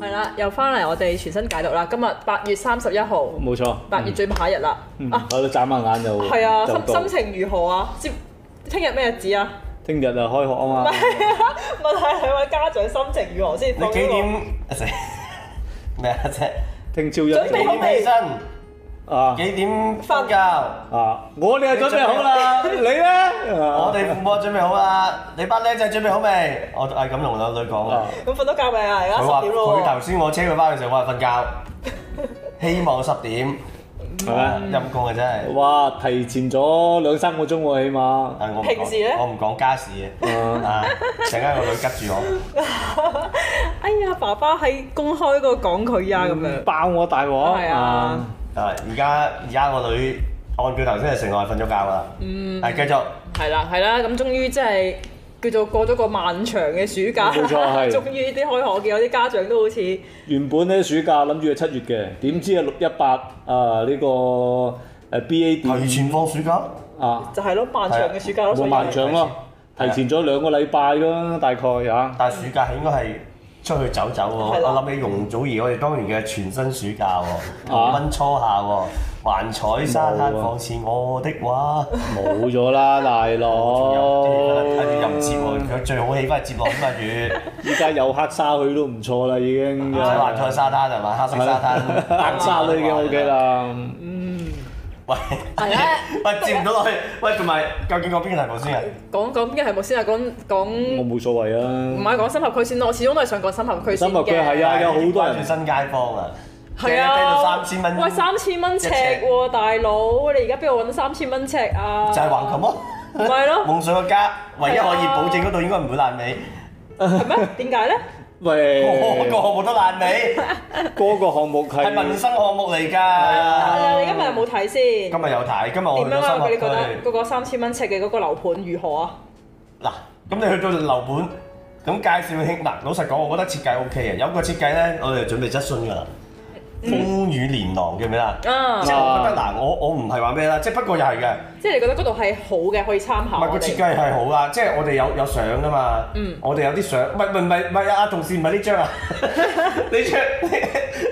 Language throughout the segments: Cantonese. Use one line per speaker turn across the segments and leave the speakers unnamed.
係啦，又翻嚟我哋傳新解毒啦！今日八月三十一號，
冇錯錯，八、嗯、月最尾一日啦，嗯、啊，我眨下眼就係啊，心到心情
如何啊？接聽日咩日子啊？
聽日就、啊、開學啊嘛，
問下兩位家長心情如何先？幾點？
咩、這個、 啊？聽朝日準備好未？ 啊！幾點瞓覺？啊！我哋係準備好啦。你咧？我哋全部準備好啦。你班靚仔準備好未？我係咁同兩女講嘅。
咁瞓到覺未啊？而家十點咯？佢話：頭
先我車佢翻嘅時候話瞓覺，希望十點。係咩？陰功啊真係！哇！提前咗兩三個鐘喎，起碼。平時咧？我唔講家事嘅。啊！陣間個女拮住我。
哎呀！爸爸喺公開個
講佢呀咁樣。爆我大鑊！係啊！啊！而家而家我女按表頭先係成個瞓咗覺
啦。嗯，誒繼續。係啦，係啦，咁終於即係叫做過咗個漫長嘅暑假。冇錯，係。終於啲開學，我見有啲家長都好似
原本咧暑假諗住係七月嘅，點知係六一八啊呢、呢個誒 B A。提前放暑假。啊。
就係咯，漫長嘅暑假咯，所以。冇漫長咯，
提前咗兩個禮拜咯，大概嚇。的但係暑假係應該係。嗯出去走走喎，的我諗起容祖兒我哋當年嘅全新暑假喎，蚊初夏喎，幻彩沙灘放肆我的話，冇咗 啦大佬，跟住又接落，佢最好氣氛係接落添嘛雨，依家 有黑沙去都唔錯啦已經，幻、 啊、彩沙灘係嘛，黑色沙灘，黑沙都已經 OK 啦。 係啊！喂，接唔到落去。喂，同埋究竟講邊個題目先啊？
講講邊個題目先啊？講講我
冇所謂啊！唔係
講深合區先咯，我始終都係想講深合區先嘅。深合區係啊，有好
多人住新街坊啊。係啊，低到三千蚊。喂，三
千蚊尺喎，大佬，你而家邊度揾三千蚊尺啊？就係橫
琴咯，唔係咯。夢想嘅家，唯一可以保證嗰度應該唔會爛尾，
係咩？點解咧？喂， 個項目都爛尾，
嗰 個項目係 民生項目嚟㗎。你今日有
冇睇先？今日有睇，
今日去咗新塘區。嗰對
個三千蚊尺嘅嗰個樓盤如何啊？
嗱，咁你去到樓盤咁介紹，兄弟，老實講，我覺得設計 O K 嘅，有個設計咧，我哋準備質詢㗎啦。風雨連廊叫咩啦？啊！即係我覺得嗱，我我唔係話咩啦，即係不過又係嘅。
即係你覺得嗰度係好嘅，可以參考。唔係個設計係
好啊，即係我哋有有相噶嘛。嗯。我哋有啲相，唔係唔係唔係阿同事唔係呢張啊？呢張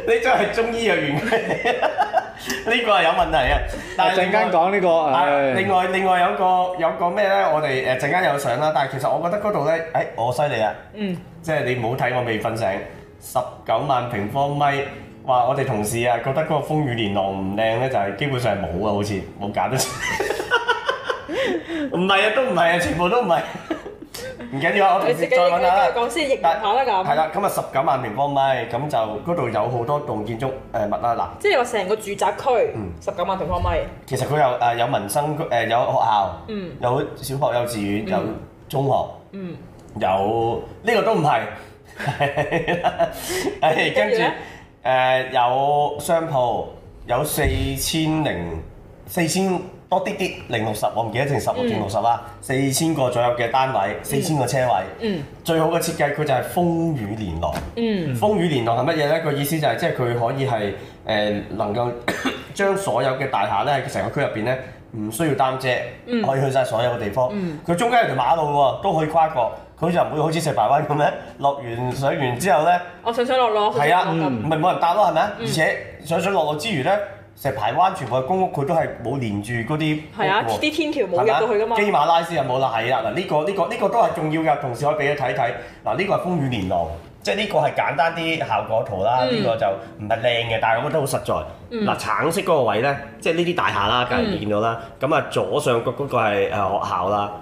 呢張係中醫藥園，呢個係有問題嘅。但係陣間講呢個。另外另外有個有個咩咧？我哋誒陣間有相啦。但係其實我覺得嗰度咧，誒我犀利啊。嗯。即係你唔好睇我未瞓醒，十九萬平方米。話我哋同事啊，覺得嗰個風雨連廊唔靚咧，就係基本上係冇啊，好似冇揀得出。唔係啊，都唔係啊，全部都唔係。唔緊要啊，我同事再揾下啦。講先，逆譯下啦咁。係啦，咁啊十九萬平方米，咁就嗰度有好多棟建築誒物啊，嗱。
即係話成個住宅區，十九萬平方米。
其實佢有誒有民生區，誒有學校，有小學、幼稚園，有中學，有呢個都唔係。誒跟住咧。誒、呃、有商鋪，有四千零四千多啲啲零六十，我唔記得定十六定六十啦。嗯、四千個左右嘅單位，四千個車位。嗯，嗯，最好嘅設計佢就係風雨連廊。嗯，風雨連廊係乜嘢咧？個意思就係即係佢可以係誒、呃、能夠 將所有嘅大廈咧，成個區入邊咧。唔需要擔遮，可以去晒所有嘅地方。佢、嗯嗯、中間有條馬路喎，都可以跨過。佢就唔會好似石排灣咁樣落完上完之後呢，
我上上落落係啊，
唔係冇人搭咯，係咪？而且上上落落之餘呢，石排灣全部嘅公屋佢都係冇連住嗰啲係啊，啲
天橋冇入到去㗎嘛。基
馬拉斯又冇啦，係啊嗱，呢、這個呢、這個呢、這個這個都係重要嘅，同時可以俾佢睇睇嗱，呢、這個係風雨連廊。即係呢個係簡單啲效果圖啦，呢個就唔係靚嘅，但係我覺得好實在。嗱，橙色嗰個位咧，即係呢啲大廈啦，梗係見到啦。咁啊，左上角嗰個係學校啦，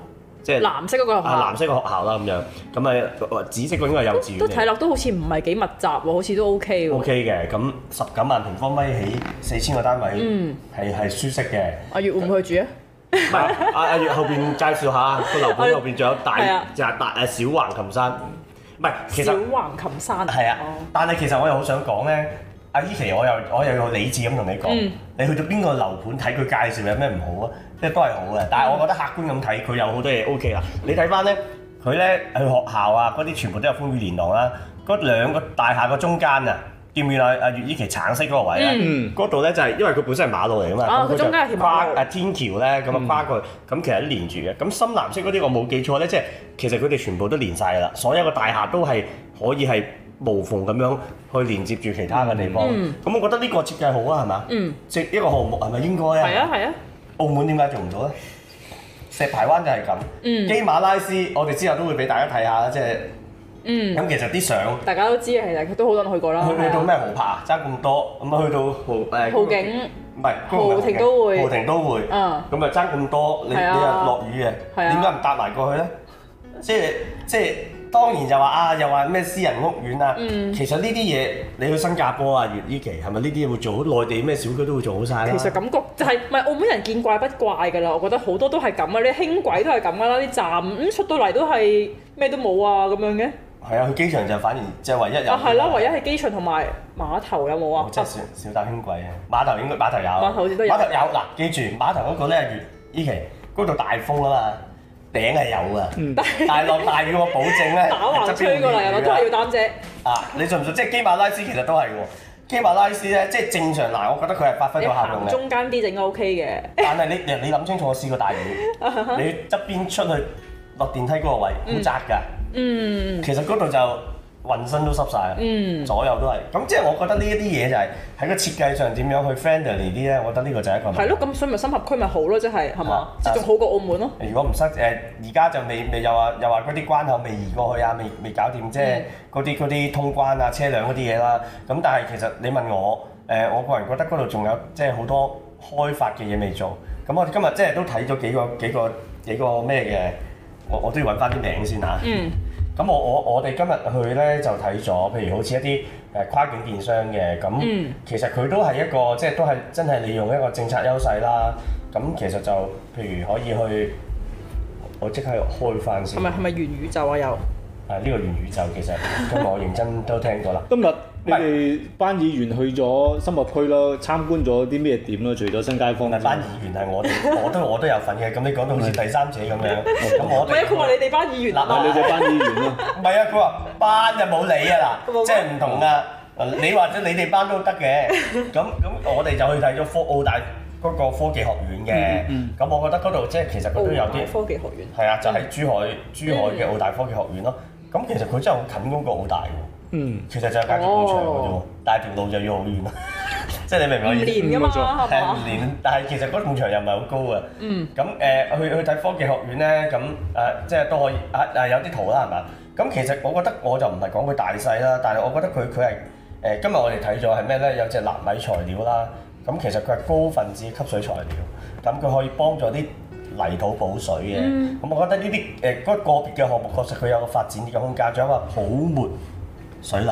即係藍
色嗰個學校。藍色
嘅學校啦咁樣。咁啊，紫色嗰應該係幼稚園。都睇落
都好似唔係幾密集喎，好似都 OK 喎。OK
嘅，咁十九萬平方米起，四千個單位，係係舒適嘅。阿月會唔會去住啊？阿阿月後邊介紹下個樓盤，後邊仲有大就係大誒小橫琴山。唔係，其實小
橫琴山啊，係啊，哦、
但係其實我又好想講咧，阿依琪，我又我又要理智咁同你講，嗯、你去咗邊個樓盤睇佢介紹有咩唔好啊？即係都係好嘅，但係我覺得客觀咁睇，佢有好多嘢 O K 啦。OK 嗯、你睇翻咧，佢咧去學校啊，嗰啲全部都有風雨連廊啦、啊，嗰兩個大廈個中間啊。見唔見啊？阿月依其橙色嗰個位啊，嗰度咧就係因為佢本身係馬路嚟啊嘛，中間跨啊天橋咧，咁啊跨過去，咁其實都連住嘅。咁深藍色嗰啲我冇記錯咧，即係其實佢哋全部都連晒噶啦，所有嘅大廈都係可以係無縫咁樣去連接住其他嘅地方。咁我覺得呢個設計好啊，係嘛？嗯，即一個項目係咪應該啊？係啊，係啊。澳門點解做唔到咧？石排灣就係咁。基馬拉斯，我哋之後都會俾大家睇下啦，即係。嗯，咁其實啲相
大家都知嘅，其實都好多人去過啦。去去到
咩豪柏爭咁多，咁啊去到豪豪景唔係豪庭都會豪庭都會，咁啊爭咁多，你你又落雨嘅，點解唔搭埋過去咧？即係即係當然就話啊，又話咩私人屋苑啦，其實呢啲嘢你去新加坡啊，越依期係咪呢啲嘢會做好？內地咩小區都會做好曬啦。其實感覺
就係唔係澳門人見怪不怪嘅啦。我覺得好多都係咁嘅，啲輕軌都係咁嘅啦，啲站咁出到嚟都係咩都冇啊咁樣嘅。
係啊，去機場就反而即係唯一有。但係啦，唯
一係機場同埋碼
頭有冇啊？即係少少搭輕軌啊！碼頭應該碼頭有。碼頭
好似都有。碼頭有
嗱，記住碼頭嗰個咧月依期嗰度大風啊嘛，頂係有噶，但係落大雨我保證咧。打橫吹過嚟啊嘛，我都係要擔遮。啊，你信唔信？即係基馬拉斯其實都係喎，基馬拉斯咧即係正常嗱，我覺得佢係發揮到效用嘅。中
間啲正 O K 嘅。
但係你你諗清楚，我試過大雨，你側邊出去落電梯嗰個位好窄㗎。嗯，其實嗰度就渾身都濕晒啦，嗯、左右都係。咁即係我覺得呢一啲嘢就係、是、喺個設計上點樣去 friendly 啲咧？我覺得呢個就係一個問題。係咯，
咁所以咪深合區咪好咯，即係係
嘛，即係仲好過澳門咯、啊。如果唔濕誒，而、呃、家就未未又話又話嗰啲關口未移過去啊，未未搞掂即係嗰啲嗰啲通關啊、車輛嗰啲嘢啦。咁但係其實你問我誒、呃，我個人覺得嗰度仲有即係好多開發嘅嘢未做。咁我哋今日即係都睇咗幾個幾個幾個咩嘅，我我都要揾翻啲名先嚇。嗯。咁我我我哋今日去咧就睇咗，譬如好似一啲誒、呃、跨境電商嘅，咁、嗯、其實佢都係一個，即係都係真係利用一個政策優勢啦。咁其實就譬如可以去，我即刻開翻先。係咪係咪元宇宙啊？又啊，呢、呢個元宇宙其實今日我認真都聽過啦。 今日。你哋班議員去咗深合區咯，參觀咗啲咩點咯？除咗新街坊，班議員係我哋，我都我都有份嘅。咁你講到好似第三者咁樣，咁我哋。佢話你哋班議員嗱，你哋班議員咯，唔係啊！佢話班就冇你啊嗱，即係唔同啊！你或者你哋班都得嘅。咁咁我哋就去睇咗科澳大嗰個科技學院嘅。咁我覺得嗰度即係其實佢都有啲科技學院係啊，就喺珠海珠海嘅澳大科技學院咯。咁其實佢真係好近嗰個澳大嗯，其實就有隔籬工場嘅啫喎，哦、但係條路就要好遠啦。即 係你明唔明我意思？五年㗎嘛，嗯、但係其實嗰工場又唔係好高啊。嗯。咁誒、呃，去去睇科技學院咧，咁誒、呃、即係都可以啊。誒、呃呃、有啲圖啦，係嘛？咁其實我覺得我就唔係講佢大細啦，但係我覺得佢佢係誒今日我哋睇咗係咩咧？有隻納米材料啦，咁其實佢係高分子嘅吸水材料，咁佢可以幫助啲泥土補水嘅。咁、嗯、我覺得呢啲誒嗰個別嘅項目確實佢有個發展嘅空間，就係話補滿。水泥，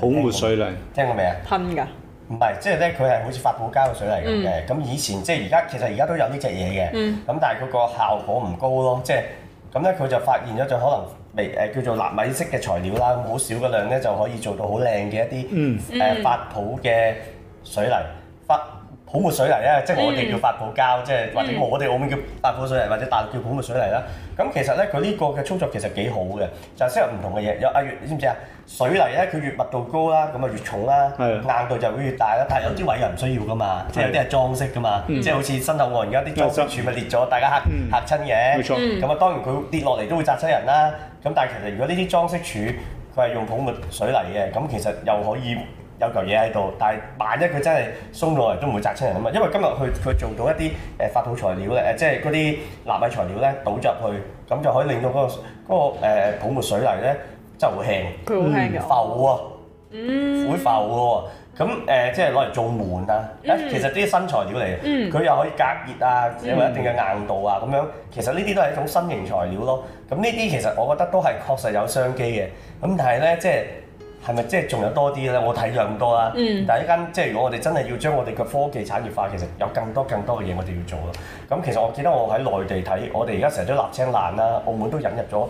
泡沫、嗯、過
水泥，聽過未啊？噴㗎的，唔係，即係咧，佢係好似發泡膠嘅水泥咁嘅。咁、嗯、以前即係而家，其實而家都有呢隻嘢嘅。咁、嗯、但係嗰個效果唔高咯。即係咁咧，佢就發現咗就可能未誒叫做納米式嘅材料啦。好少嘅量咧就可以做到好靚嘅一啲誒發泡嘅水泥。忽、嗯嗯泡沫水泥咧，即係我哋叫發泡膠，即係或者我我哋澳門叫發泡水泥，或者大陸叫泡沫水泥啦。咁其實咧，佢呢個嘅操作其實幾好嘅，就係適合唔同嘅嘢。有阿越，你知唔知啊？水泥咧，佢越密度高啦，咁啊越重啦，硬度就會越大啦。但係有啲位又唔需要㗎嘛，即係有啲係裝飾㗎嘛，即係好似新口岸而家啲裝飾柱咪裂咗，大家嚇嚇親嘅。冇錯，咁啊當然佢跌落嚟都會砸親人啦。咁但係其實如果呢啲裝飾柱佢係用泡沫水泥嘅，咁其實又可以。有嚿嘢喺度，但係萬一佢真係鬆咗落嚟都唔會砸親人啊嘛。因為今日佢佢做到一啲誒發泡材料咧，誒即係嗰啲納米材料咧，倒入去咁就可以令到嗰個嗰個泡沫水泥咧，就係會輕，會浮喎，嗯，會浮㗎喎。咁誒即係攞嚟做門啊，其實啲新材料嚟嘅，佢、嗯、又可以隔熱啊，又有一定嘅硬度啊。咁樣其實呢啲都係一種新型材料咯。咁呢啲其實我覺得都係確實有商機嘅。咁但係咧即係。係咪即係仲有多啲咧？我睇有咁多啦。嗯、但係一間即係如果我哋真係要將我哋嘅科技產業化，其實有更多更多嘅嘢我哋要做咯。咁其實我記得我喺內地睇，我哋而家成日都立青爛啦、啊。澳門都引入咗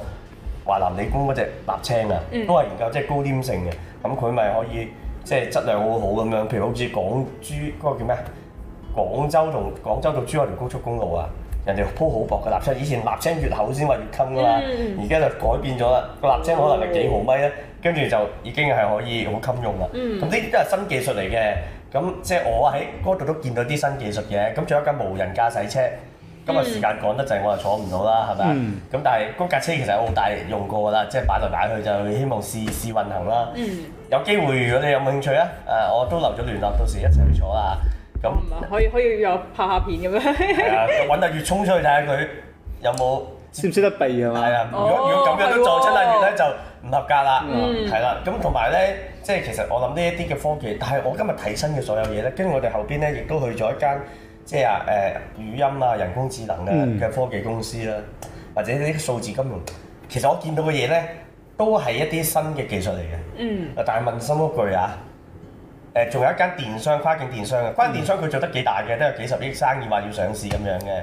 華南理工嗰隻立青啊，都係研究即係、就是、高粘性嘅。咁佢咪可以即係、就是、質量好好咁樣？譬如好似廣珠嗰個叫咩啊？廣州同廣州到珠海條高速公路啊，人哋鋪好薄嘅立青。以前立青越厚先話越襟㗎嘛，而家、嗯、就改變咗啦。個立青可能係幾毫米啦。跟住就已經係可以好襟用啦，咁呢啲都係新技術嚟嘅。咁即係我喺嗰度都見到啲新技術嘅。咁仲有一間無人駕駛車，咁啊時間趕得滯，我啊坐唔到啦，係咪？咁但係嗰架車其實我好大用過啦，即係擺來擺去就希望試試運行啦。有機會如果你有冇興趣啊？誒，我都留咗聯絡，到時一齊去坐啊！咁
可以可以又拍下片咁樣？係啊，揾
阿月衝出去睇下佢有冇識唔識得避，係，係啊，如果如果咁樣都撞親阿月咧就～唔合格啦，係啦、嗯，咁同埋咧，即係其實我諗呢一啲嘅科技，但係我今日睇新嘅所有嘢咧，跟住我哋後邊咧，亦都去咗一間即係啊誒、呃、語音啊人工智能嘅、啊、嘅科技公司啦，或者啲數字金融，其實我見到嘅嘢咧，都係一啲新嘅技術嚟嘅。嗯，但係問心一句啊，誒、呃，仲有一間電商跨境電商嘅，跨境電商佢做得幾大嘅，都、嗯、有幾十億生意，話要上市咁樣嘅。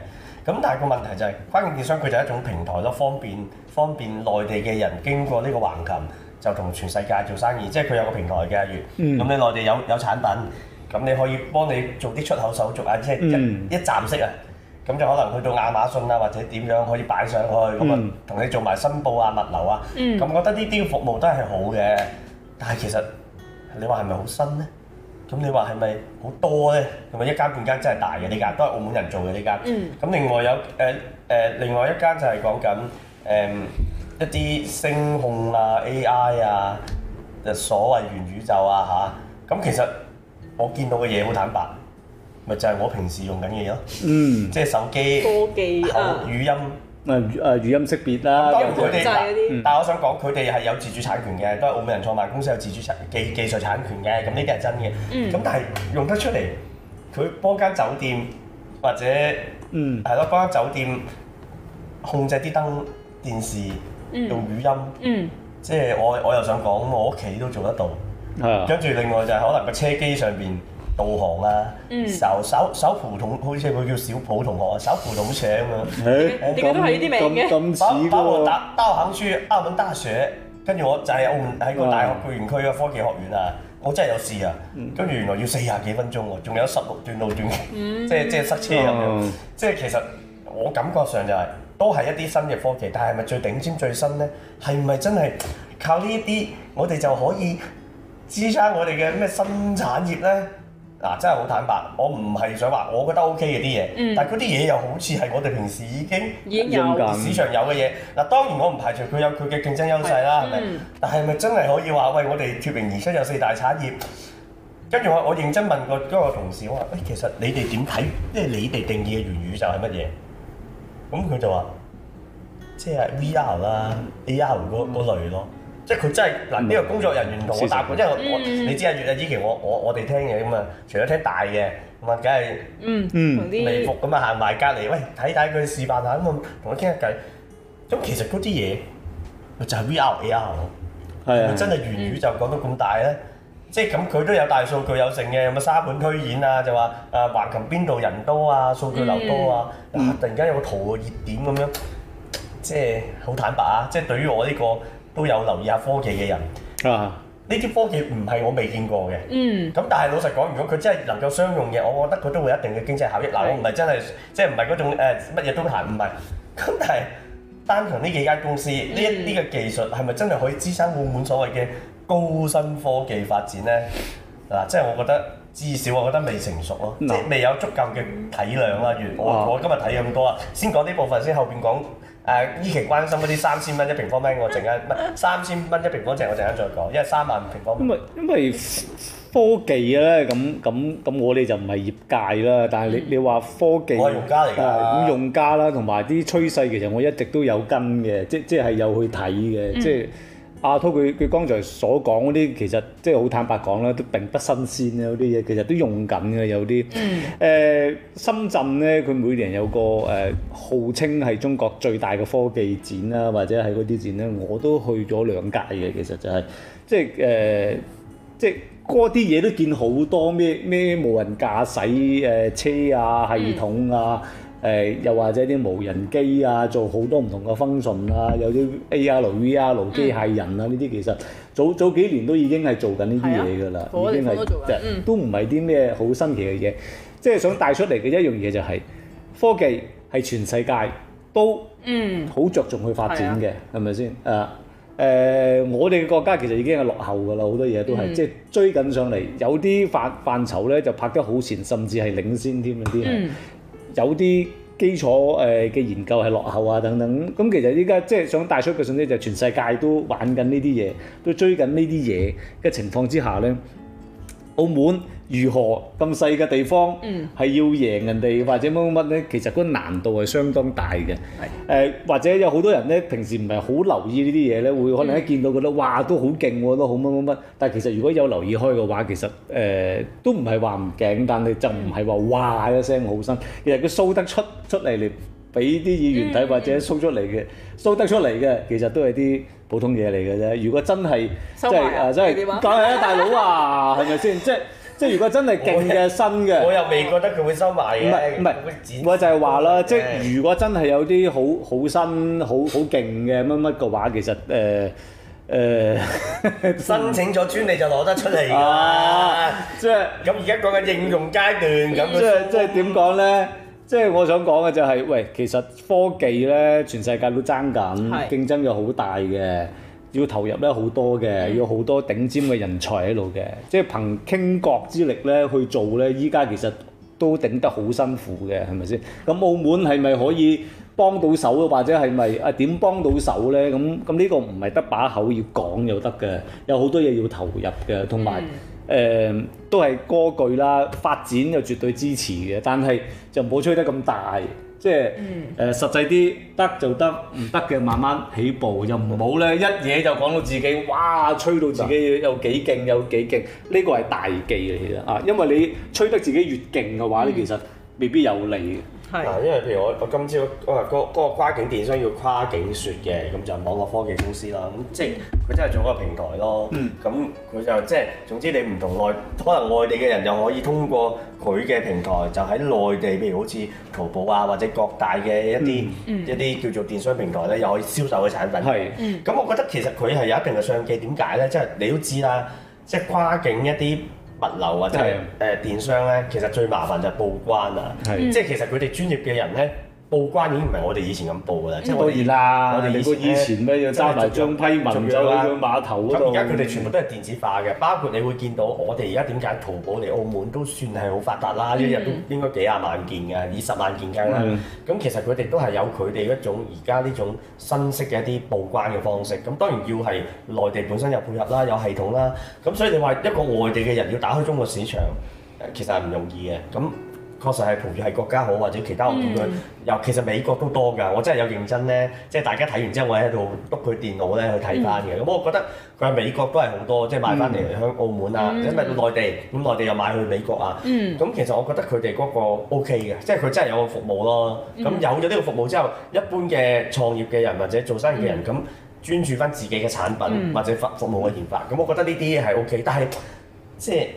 咁但係個問題就係、是，跨境電商佢就係一種平台咯，方便方便內地嘅人經過呢個橫琴就同全世界做生意，即係佢有個平台嘅，咁、嗯、你內地有有產品，咁你可以幫你做啲出口手續啊，即係一、嗯、一,一站式啊，咁就可能去到亞馬遜啊或者點樣可以擺上去，咁啊同你做埋申報啊、物流啊，咁、嗯、覺得呢啲服務都係好嘅，但係其實你話係咪好新呢？咁你話係咪好多咧？同埋一間半間真係大嘅呢間，都係澳門人做嘅呢間。咁、嗯、另外有誒誒、呃呃，另外一間就係講緊誒、呃、一啲聲控啊、AI 啊，所謂元宇宙啊吓？咁、啊、其實我見到嘅嘢好坦白，咪就係、是、我平時用緊嘅嘢咯。嗯，即係手機科技啊，語音。誒誒，語音識別啦，當然佢哋。但係我想講，佢哋係有自主產權嘅，都係、嗯、澳門人創辦公司有自主產技技術產權嘅。咁呢啲係真嘅。咁、嗯、但係用得出嚟，佢幫間酒店或者係咯、嗯、幫間酒店控制啲燈、電視用語音。嗯，即係我我又想講，我屋企都做得到。跟住、啊、另外就係可能個車機上邊。導航啊，手首首蒲同，好似佢叫小普同學啊，手蒲同學寫咁樣，點解都係呢啲名嘅？咁咁似喎。包我打打行書，奀奀大蛇，跟住我就喺澳門喺個大學區嘅、嗯、科技學院啊，我真係有事啊，跟住原來要四廿幾分鐘喎，仲有十六段路段嘅，即係即係塞車咁樣。嗯、即係其實我感覺上就係、是、都係一啲新嘅科技，但係咪最頂尖最新咧？係咪真係靠呢啲我哋就可以支撐我哋嘅咩新產業咧？嗱、啊，真係好坦白，我唔係想話，我覺得 O K 嘅啲嘢，嗯、但係嗰啲嘢又好似係我哋平時已經已經有市場有嘅嘢。嗱、啊，當然我唔排除佢有佢嘅競爭優勢啦，係咪？嗯、但係咪真係可以話，喂，我哋脫穎而出有四大產業，跟住我我認真問個一個同事我話、欸，其實你哋點睇，即係你哋定義嘅元宇宙就係乜嘢？咁佢就話，即係 VR 啦、AR 嗰類咯。即係佢真係嗱，呢個工作人員同我答嘅。嗯、因為我、嗯、你知啊，阿月啊依我我我哋聽嘢咁啊，除咗聽大嘅，咁啊梗係嗯
嗯微服
咁啊行埋隔離喂，睇睇佢示範下咁啊，同佢傾下偈。咁其實嗰啲嘢咪就係 VR AR，係咪真係元宇宙就講到咁大咧？的嗯、即係咁佢都有大數據有剩嘅，有冇沙盤推演啊？就話誒橫琴邊度人多啊，數據流多啊，嗯、哇突然間有個圖熱點咁樣，即係好坦白啊！即係對於我呢、這個。都有留意下科技嘅人啊！呢啲科技唔係我未見過嘅，嗯，咁但係老實講，如果佢真係能夠商用嘅，我覺得佢都會一定嘅經濟效益。嗱，我唔係真係即係唔係嗰種誒乜嘢都行，唔係。咁但係單憑呢幾間公司呢一啲嘅技術係咪真係可以支撐澳門所謂嘅高新科技發展呢？嗱，即係我覺得至少我覺得未成熟咯，即係未有足夠嘅體量啦。如我我今日睇咁多啦，先講呢部分先，後邊講。誒，依期、啊、關心嗰啲三千蚊一平方米，我陣間唔係三千蚊一平方尺，我陣間再講，因為三萬五平方。因為因為科技咧，咁咁咁，我哋就唔係業界啦。但係你你話科技，咁用家嚟㗎。咁、呃、用家啦，同埋啲趨勢，其實我一直都有跟嘅，即即係有去睇嘅，即。即阿、啊、濤，佢佢剛才所講嗰啲，其實即係好坦白講啦，都並不新鮮。有啲嘢其實都用緊嘅，有啲。嗯、呃。深圳咧，佢每年有個誒、呃，號稱係中國最大嘅科技展啦，或者係嗰啲展咧，我都去咗兩屆嘅。其實就係即係誒，即係嗰啲嘢都見好多咩咩無人駕駛誒、呃、車啊，系統啊。嗯誒、呃，又或者啲無人機啊，做好多唔同嘅 function 啊，有啲 AR、VR 機械人啊，呢啲、嗯、其實早早幾年都已經係做緊呢啲嘢噶啦，啊、已經係都唔係啲咩好新奇嘅嘢。即、就、係、是、想帶出嚟嘅一樣嘢就係、是、科技係全世界都好着重去發展嘅，係咪先？誒誒、啊啊呃，我哋國家其實已經係落後噶啦，好多嘢都係即係追緊上嚟，有啲範範疇咧就拍得好前，甚至係領先添嗰啲係。嗯有啲基礎誒嘅研究係落後啊，等等咁，其實依家即係想帶出嘅信息就，全世界都玩緊呢啲嘢，都追緊呢啲嘢嘅情況之下咧，澳門。如何咁細嘅地方係要贏人哋或者乜乜乜咧？其實個難度係相當大嘅。係誒、呃，或者有好多人咧，平時唔係好留意呢啲嘢咧，會可能一見到覺得，覺得哇都好勁喎，都好乜乜乜。Started, Loud? 但係其實如果有留意開嘅話，其實誒、呃、都唔係話唔勁，但係就唔係話哇嘅聲好新。Dan, iendo, 其實佢 show 得出出嚟嚟俾啲議員睇或者 show 出、嗯、出嚟嘅 show 得出嚟嘅，其實都係啲普通嘢嚟嘅啫。如果真係即係真即係講下大佬啊，係咪先？即係。即係如果真係勁嘅新嘅的，我又未覺得佢會收埋嘅。唔係唔係，我就係話啦， 即係如果真係有啲好好新好好勁嘅乜乜嘅話，其實誒誒，呃呃、 申請咗專利就攞得出嚟㗎。即係咁而家講緊應用階段咁。即係即係點講咧？即係、即係、我想講嘅就係、係，喂，其實科技咧，全世界都爭緊，競爭又好大嘅。要投入咧好多嘅，要好多頂尖嘅人才喺度嘅，即係憑傾國之力咧去做咧，依家其實都頂得好辛苦嘅，係咪先？咁澳門係咪可以幫到手啊？或者係咪啊？點幫到手咧？咁咁呢個唔係得把口要講就得嘅，有好多嘢要投入嘅，同埋誒都係歌句啦，發展又絕對支持嘅，但係就唔好吹得咁大。即係誒、嗯呃、實際啲得就得，唔得嘅慢慢起步，就唔好咧一嘢就講到自己，哇吹到自己有幾勁有幾勁，呢、這個係大忌嘅。其實啊，因為你吹得自己越勁嘅話咧，嗯、其實未必有利嘅。係、啊、因為譬如我我今朝我話嗰個跨境電商要跨境說嘅，咁就網絡科技公司啦，咁即係佢真係做一個平台咯。嗯，咁佢就即係總之你唔同外，可能外地嘅人又可以通過佢嘅平台，就喺內地譬如好似淘寶啊或者各大嘅一啲、嗯嗯、一啲叫做電商平台咧，又可以銷售嘅產品。係，咁、嗯、我覺得其實佢係有一定嘅商機，點解咧？即係你都知啦，即係跨境一啲。物流或者係誒電商咧，是的 其實最麻煩就係報關啊，是的 即係其實佢哋專業嘅人咧。報關已經唔係我哋以前咁報㗎啦，即係當然啦。我哋、嗯、以前都要揸埋張批文走去碼頭。咁而家佢哋全部都係電子化嘅，包括你會見到我哋而家點解淘寶嚟澳門都算係好發達啦，嗯、一日都應該幾廿萬件㗎，二十萬件更啦。咁、嗯、其實佢哋都係有佢哋一種而家呢種新式嘅一啲報關嘅方式。咁當然要係內地本身有配合啦，有系統啦。咁所以你話一個外地嘅人要打開中國市場，其實係唔容易嘅。咁確實係培育係國家好，或者其他我見佢尤其係美國都多㗎。我真係有認真咧，即係大家睇完之後，我喺度篤佢電腦咧去睇翻嘅。咁、嗯、我覺得佢喺美國都係好多，即係買翻嚟嚟響澳門啊，嗯、或者買到內地咁內、嗯、地又買去美國啊。咁、嗯、其實我覺得佢哋嗰個 O K 嘅，即係佢真係有個服務咯。咁、嗯、有咗呢個服務之後，一般嘅創業嘅人或者做生意嘅人咁專、嗯、注翻自己嘅產品或者服服務嘅研發，咁、嗯、我覺得呢啲係 O K。但係即係。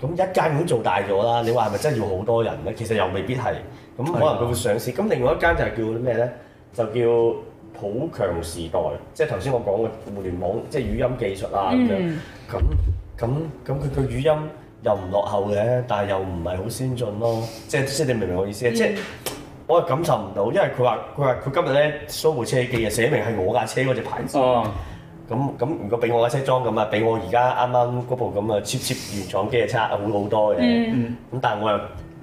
咁一間已經做大咗啦，你話係咪真要好多人咧？其實又未必係，咁可能佢會上市。咁的另外一間就係叫咩咧？就叫普強時代，即係頭先我講嘅互聯網，即係語音技術啊咁樣。咁咁咁佢嘅語音又唔落後嘅，但係又唔係好先進咯。即即你明唔明我意思啊？嗯、即我係感受唔到，因為佢話佢話佢今日咧掃部車機啊，寫明係我架車嗰隻牌子。嗯咁咁、嗯，如果俾我一車裝咁啊，俾我而家啱啱嗰部咁啊 cheap cheap 原廠機啊，差好好多嘅。咁但係我又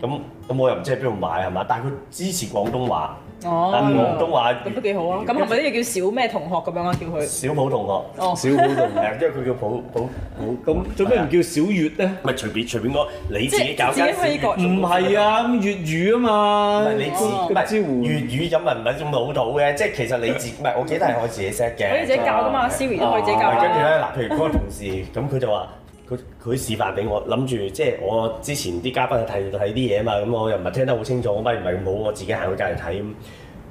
咁咁我又唔知喺邊度買係嘛？但係佢支持廣東話。
哦，廣東話，
咁都幾好啊！咁係咪
要叫小咩同學咁樣啊？叫佢小
普同學，小普同學，因為佢叫普普普，咁做咩唔叫小月咧？咪係隨便隨便講，你自己搞嘅事，唔係啊，咁粵語啊嘛，你知，粵語咁文唔係仲老土嘅，即係其實你自唔係我記得係，我自己 set 嘅，可以自己教噶
嘛，Siri 都可以自己教。跟住咧，嗱，譬如嗰個同
事，咁佢就話。佢佢示範俾我，諗住即係我之前啲嘉賓去睇睇啲嘢啊嘛，咁我又唔係聽得好清楚，我咪唔係冇我自己行去隔籬睇。咁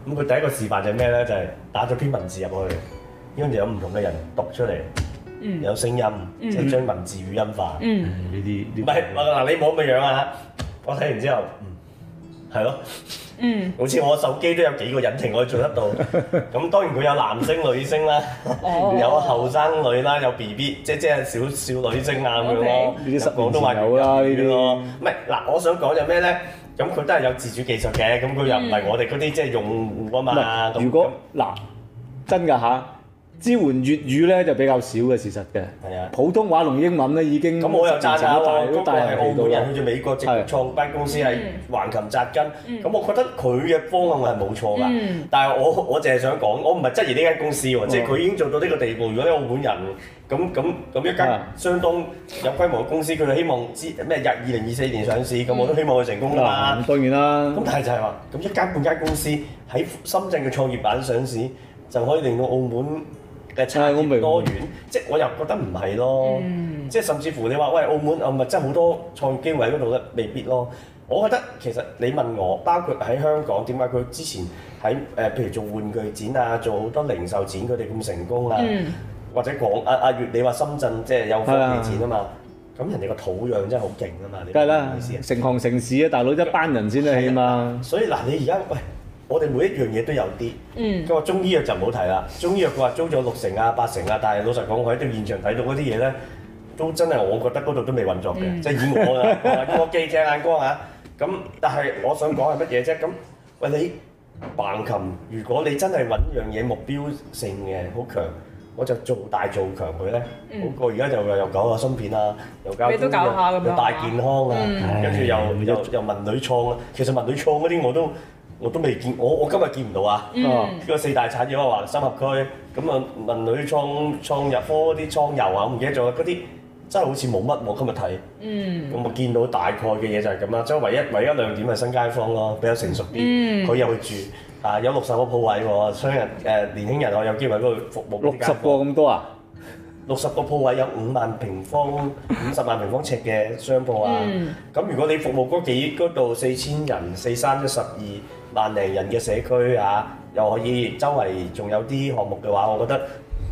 咁佢第一個示範就係咩咧？就係、是、打咗篇文字入去，跟住有唔同嘅人讀出嚟，嗯、有聲音，嗯、即係將文字語音化。呢啲唔係嗱，你冇咁嘅樣啊！我睇完之後，係、嗯、咯。 嗯，好似我手機都有幾個引擎可以做得到，咁 當然佢有男聲女聲啦， 有後生女啦，有 B B，即即係小少女聲啊咁樣咯，失望都話有、嗯、啦呢啲咯，唔係嗱，我想講就咩咧？咁佢都係有自主技術嘅，咁佢又唔係我哋嗰啲即係用戶啊嘛，唔、嗯、那如果嗱真㗎吓。啊支援粵語咧就比較少嘅事實嘅，的普通話同英文咧已經，咁我又贊成喎。但係我唔係澳門人，去咗美國直創，啲公司係橫琴扎根。咁、嗯、我覺得佢嘅方向係冇錯㗎。嗯、但係我我淨係想講，我唔係質疑呢間公司喎，即係佢已經做到呢個地步。如果喺澳門人，咁咁咁一間相當有規模嘅公司，佢就希望咩？日二零二四年上市，咁我都希望佢成功㗎嘛。當然啦、啊。咁但係就係、是、話，咁一間半間公司喺深圳嘅創業板上市，就可以令到澳門。嘅差咁多遠，嗯、即係我又覺得唔係咯，嗯、即係甚至乎你話喂，澳門啊咪真係好多創業機會喺嗰度咧，未必咯。我覺得其實你問我，包括喺香港點解佢之前喺誒、呃、譬如做玩具展啊，做好多零售展佢哋咁成功啊，嗯、或者講阿阿粵，你話深圳即係有科技展啊嘛，咁、啊、人哋個土壤真係好勁啊嘛，梗係啦，然成行成市啊大佬我一班人先啦起嘛。所以嗱你而家喂。我哋每一樣嘢都有啲，佢話中醫藥就唔好提啦。中醫藥佢話租咗六成啊、八成啊，但係老實講，我喺度現場睇到嗰啲嘢咧，都真係我覺得嗰度都未運作嘅，即係以我啊，我話以我記者眼光啊。咁但係我想講係乜嘢啫？咁喂，你橫琴，如果你真係揾樣嘢目標性嘅好強，我就做大做強佢咧。好過而家就又又搞個芯片啊，又搞又大健康啊，跟住又又又文旅創啊。其實文旅創嗰啲我都。我都未見，我我今日見唔到啊！呢個、嗯、四大產業啊，話深合區咁啊，文旅創創入科啲創遊啊，我唔記得咗嗰啲真係好似冇乜。我今日睇，咁我、嗯、見到大概嘅嘢就係咁啦。即係唯一唯一亮點係新街坊咯，比較成熟啲，佢有、嗯、住，但有六十個鋪位喎，商人誒年輕人我有機會嗰個服務。六十個咁多啊？六十個鋪位有五萬平方五十萬平方尺嘅商鋪啊！咁 如果你服務嗰嗰度四千人四三一十二。萬零人嘅社區啊，又可以周圍仲有啲項目嘅話，我覺得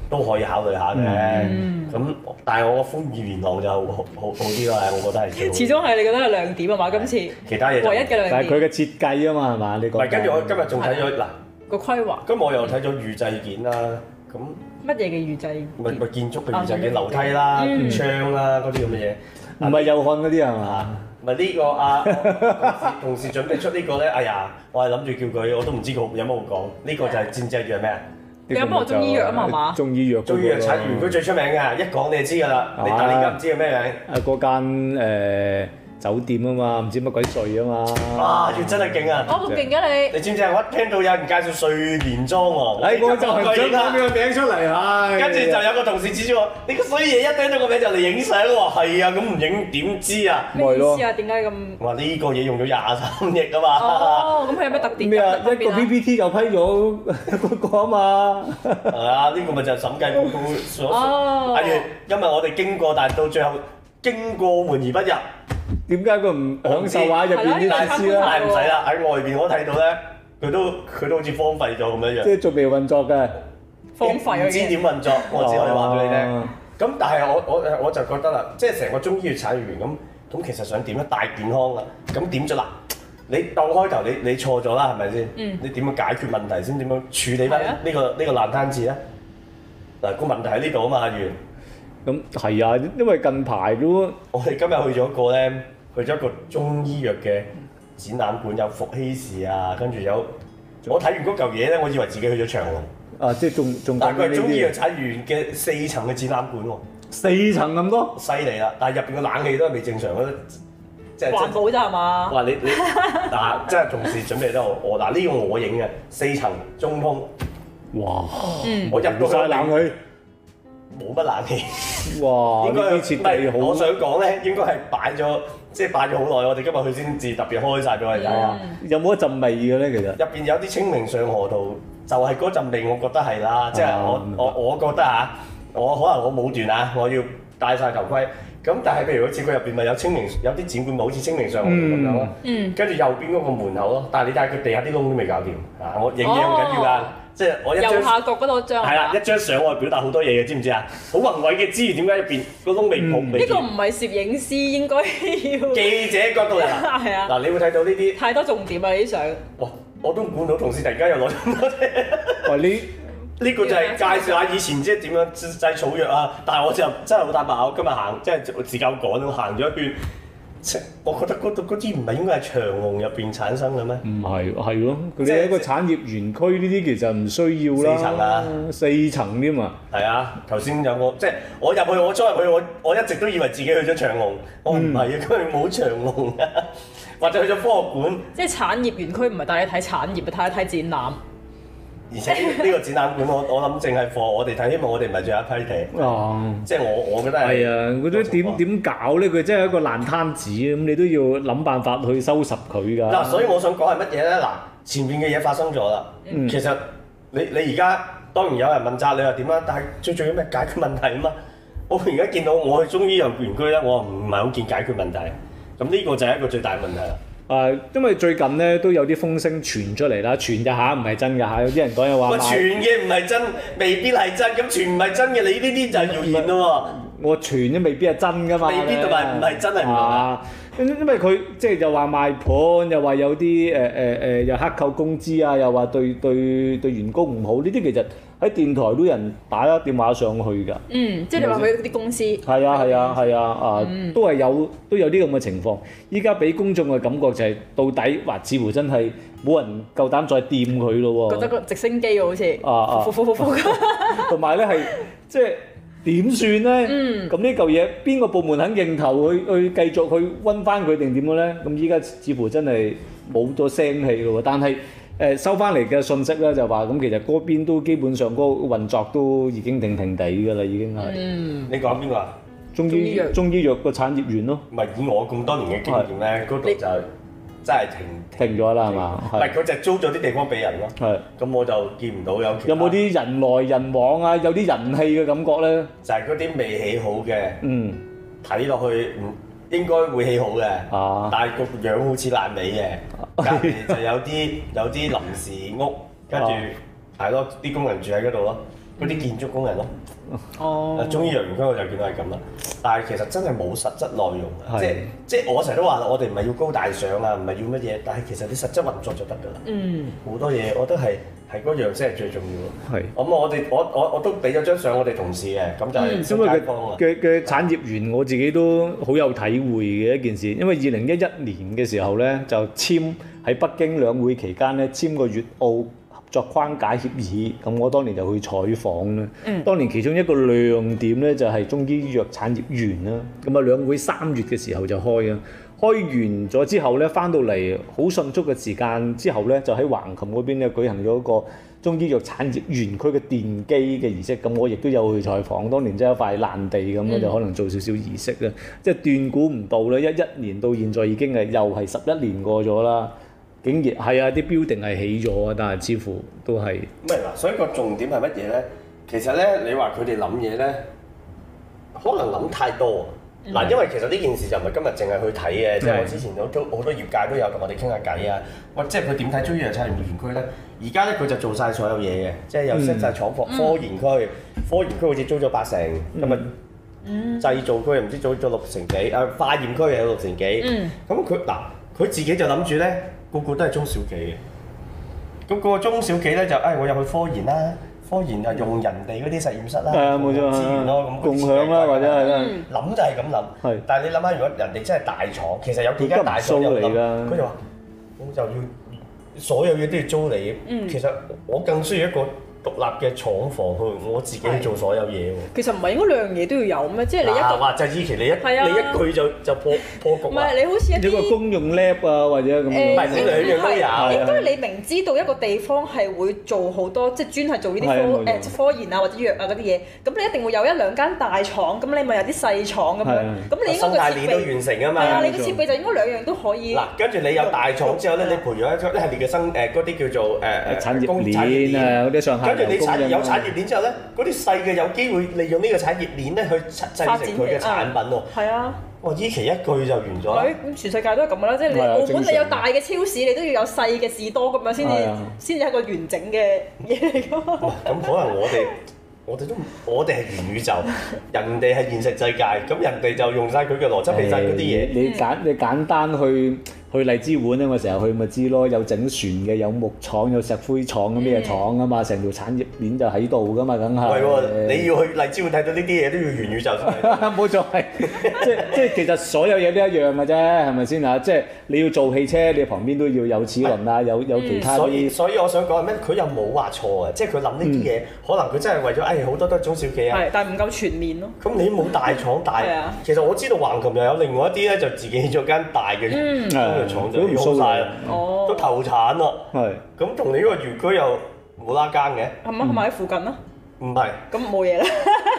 都可以考慮下嘅。咁但係我個風雨綿浪就好好好啲啦，我覺得係。始終係你覺得係亮點啊嘛？今次其他嘢唯一嘅亮點，但係佢嘅設計啊嘛？係嘛？你講唔係，跟住我今日仲睇咗嗱個規劃。咁我又睇咗預製件啦，咁
乜嘢嘅預製？
咪咪建築嘅預製件，樓梯啦、窗啦嗰啲咁嘅嘢，唔係有看嗰啲係嘛？唔係呢個啊，同時， 同時準備出個呢個咧，哎呀，我係諗住叫佢，我都唔知佢有冇講。呢、呢個就係戰製藥咩？你有幫我中醫藥啊嘛？中醫藥那個那個、啊、中醫藥診院，佢、啊、最出名嘅，一講你就知㗎啦。啊、你但你而家唔知佢咩名？啊，嗰、呃、間酒店啊嘛，唔知乜鬼稅啊嘛。哇，月真係勁啊！我勁咗你。你知唔知啊？我一聽到有人介紹睡眠裝喎，哎，我就係想攞個名出嚟，係。跟住就有個同事指住我：「你個衰嘢一聽到個名就嚟影相喎，係啊，咁唔影點知啊？咩意思啊？
點解咁？
話！呢個嘢用咗廿三億啊嘛。
哦，咁佢有咩特點？咩啊？一個 PPT
就批咗嗰個啊嘛。係啊，呢個咪就係審計部所。哦。阿月，因為我哋經過，但係到最後。經過門而不入，點解佢唔享受下入邊啲大師咧？太唔使啦！喺外邊我睇到咧，佢都佢都好似荒廢咗咁樣。即係仲未運作嘅，荒廢。唔知點運作？我知 我哋話咗你聽。咁但係我我我就覺得啦，即係成個中醫嘅產業園咁，咁其實想點咧？大健康啊！咁點咗啦？你到開頭你你錯咗啦，係咪先？嗯、你點樣解決問題先？點樣處理翻呢、呢個呢的、呢個呢個爛攤子啊？嗱，個問題喺呢度啊嘛，阿源。咁係啊，因為近排都，我哋今日去咗一個咧，去咗一個中醫藥嘅展覽館，有伏羲氏啊，跟住有我睇完嗰嚿嘢咧，我以為自己去咗長隆啊，即係仲仲講呢中醫藥展完嘅四層嘅展覽館喎，四層咁多，犀利啦！但係入邊嘅冷氣都係未正常嘅，即係環保
啫係嘛？哇！
你你嗱，即係同事準備得好我嗱呢個我影嘅四層中空，哇！嗯、我入到曬冷氣。冷氣冇乜冷氣，哇！應該設得，我想講咧，應該係擺咗，即係擺咗好耐，我哋今日去先至特別開晒俾我哋睇啊！Yeah. 有冇一陣味嘅咧？其實入邊有啲清明上河圖，就係嗰陣味，我覺得係啦。即係我我我覺得吓，我可能我冇斷啊，我要戴晒頭盔。咁但係譬如個設區入邊咪有清明，有啲展館咪好似清明上河圖咁樣咯。嗯，跟住右邊嗰個門口咯。但係你睇佢地下啲窿都未搞掂啊！我營養緊要㗎。即係我右下
角嗰度張，係啦、啊啊、一
張相我表達好多嘢嘅，知唔知啊？好宏偉嘅資源，點解入邊個窿未破未？呢個
唔係攝影師應該
要。記者角度嚟啦，啊嗱、啊，你會睇到呢啲太多重點啊！啲相哇，我都估到同事突然間又攞出嚟， 喂呢呢 個就係介紹下以前即係點樣製草藥啊！但係我就真係好大把我今日行即係自教趕行咗一圈。我覺得嗰度啲唔係應該係長隆入邊產生嘅咩？唔係，係咯。佢哋係一個產業園區，呢啲其實唔需要啦。四層啊，四層添啊。係啊，頭先有個即係我入去，我走入去，我我一直都以為自己去咗長隆，我唔係啊，佢冇、哦、長隆啊，或者去咗科學館。
即係產業園區唔係帶你睇產業啊，睇
一睇展覽。 而且呢個展覽館，我我諗淨係放我哋睇，希望我哋唔係最後一批嚟。哦、啊，即係我我覺得係啊，嗰啲點點搞咧？佢真係一個爛攤子咁你都要諗辦法去收拾佢㗎。嗱、啊，所以我想講係乜嘢咧？嗱，前面嘅嘢發生咗啦。嗯、其實你你而家當然有人問責你又點啊？但係最重要咩？解決問題啊嘛！我而家見到我去中醫藥園區咧，我唔係好見解決問題。咁呢個就係一個最大問題啦。 誒、啊，因為最近咧都有啲風聲傳出嚟啦，傳嘅下唔係真嘅嚇，有啲人講又話。我傳嘅唔係真，未必係真，咁傳唔係真嘅，你呢啲就係謠言咯喎。我傳都未必係真噶嘛。未必同埋唔係真係唔同。因為佢即係又話賣盤，又話有啲誒誒誒，又克扣工資啊，又話對對對員工唔好，呢啲其實。喺電台都有人打咗電話上去㗎。嗯，
即係你話佢啲公司。係
啊係啊係啊啊，啊啊啊啊嗯、都係有都有啲咁嘅情況。依家俾公眾嘅感覺就係，到底話似乎真係冇人夠膽再掂佢咯喎。覺得個
直升機好似。啊
同埋咧係即係點算咧？嗯。咁呢嚿嘢邊個部門肯認頭去去繼續去溫翻佢定點樣咧？咁依家似乎真係冇咗聲氣咯喎，但係。誒收翻嚟嘅信息咧，就話咁其實嗰邊都基本上嗰個運作都已經停停地嘅啦，已經係。嗯，你講邊個啊？中醫中醫藥個產業園咯。唔係以我咁多年嘅經驗咧，嗰度就真係停停咗啦，係嘛？唔係佢就租咗啲地方俾人咯。係。咁我就見唔到有。有冇啲人來人往啊？有啲人氣嘅感覺咧？就係嗰啲未起好嘅。嗯。睇落去唔應該會起好嘅。哦。但係個樣好似爛尾嘅。隔 離就有啲有啲臨時屋，跟住係咯，啲 Hello. 工人住喺嗰度咯，嗰啲建築工人咯。哦、mm，啊、hmm.，中醫藥園區我就見到係咁啦，但係其實真係冇實質內容，即係即係我成日都話我哋唔係要高大上啊，唔係要乜嘢，但係其實你實質運作就、mm hmm. 得噶啦。嗯，好多嘢我都係。係嗰樣先係最重要咯。係是。咁、嗯、我哋我我我都俾咗張相我哋同事嘅，咁就係新街坊啊。嘅嘅產業園我自己都好有體會嘅一件事，因為二零一一年嘅時候咧就簽喺北京兩會期間咧簽個粵澳合作框架協議，咁我當年就去採訪啦。嗯。當年其中一個亮點咧就係、是、中醫藥產業園啦。咁啊，兩會三月嘅時候就開啊。開完咗之後呢，翻到嚟好迅速嘅時間之後呢，就喺橫琴嗰邊呢舉行咗一個中醫藥產業園區嘅奠基嘅儀式。咁我亦都有去採訪，當年真係一塊爛地咁咧，我就可能做少少儀式啦。嗯、即係斷估唔到呢，一一年到現在已經係又係十一年過咗啦，竟然係啊啲 building 係起咗，但係似乎都係。唔係啦，所以個重點係乜嘢呢？其實呢，你話佢哋諗嘢呢，可能諗太多。嗱，嗯、因為其實呢件事就唔係今日淨係去睇嘅，對 即係我之前都好多業界都有同我哋傾下偈啊。喂，即係佢點睇中藥產業園區咧？而家咧佢就做晒所有嘢嘅，即係又識晒廠房、嗯、科研區、嗯、科研區好似租咗八成，同埋、嗯、製造區唔知租咗六成幾啊，化驗區又有六成幾。咁佢嗱，佢、嗯、自己就諗住咧，個個都係中小企嘅。咁、那個個中小企咧就，唉、哎，我入去科研啦。當然係用人哋嗰啲實驗室啦，共享資源咯，咁共享啦或者係啦，諗、嗯、就係咁諗。嗯、但係你諗下，如果人哋真係大廠，其實有幾間大廠入嚟㗎，佢就話，我就要所有嘢都要租你。」嗯、其實我更需要一個獨立嘅廠房，去我自己去做所有嘢喎。
其實唔係應該兩樣嘢都要有咩？即係你一
話就以前你一你一句就就破破局，唔係你好似一個公用 lab 啊或者咁，唔係兩樣都有。應該你
明知道一個地方係會做好多即係專係做呢啲誒科研啊或者藥啊嗰啲嘢，咁你一定會有一兩間大廠，咁你咪有啲細廠咁樣。
咁你應該個設備完成啊嘛。係啊，你嘅設備
就應該兩樣都可以。嗱，
跟住你有大廠之後咧，你培養一出系列嘅生誒嗰啲叫做誒產業鏈啊啲上跟住你產業有產業鏈之後咧，嗰啲細嘅有機會利用呢個產業鏈咧去製製成佢嘅產品喎。係啊。哇、啊！依期、哦、一句就完咗。咁
全世界都係咁噶啦，即係你，我本地有大嘅超市，你都要有細嘅士多咁樣先至，先至係一個完整嘅嘢
嚟噶嘛。咁可能我哋，我哋都，唔，我哋係元宇宙， 人哋係現實世界，咁人哋就用晒佢嘅邏輯嚟製嗰啲嘢。你簡、嗯、你簡單去。去荔枝碗咧，我成日去咪知咯，有整船嘅，有木廠，有石灰廠咁咩廠啊嘛，成、嗯、條產業鏈就喺度噶嘛，梗係。係、哦、你要去荔枝碗睇到呢啲嘢都要元宇宙先。冇錯， 即係即係其實所有嘢都一樣嘅啫，係咪先啊？即係你要做汽車，你旁邊都要有齒輪啦、啊，是有有其他。嗯、所以所以我想講係咩？佢又冇話錯嘅，即係佢諗呢啲嘢，嗯、可能佢真係為咗誒好多都係中小企啊。但係唔夠全面咯。咁你冇大廠 大，其實我知道橫琴又有另外一啲咧，就自己做間大嘅。嗯廠就空曬啦，都投產咯，咁同你呢個園區又冇拉更嘅，係咪喺附近啊？唔係，咁冇嘢啦，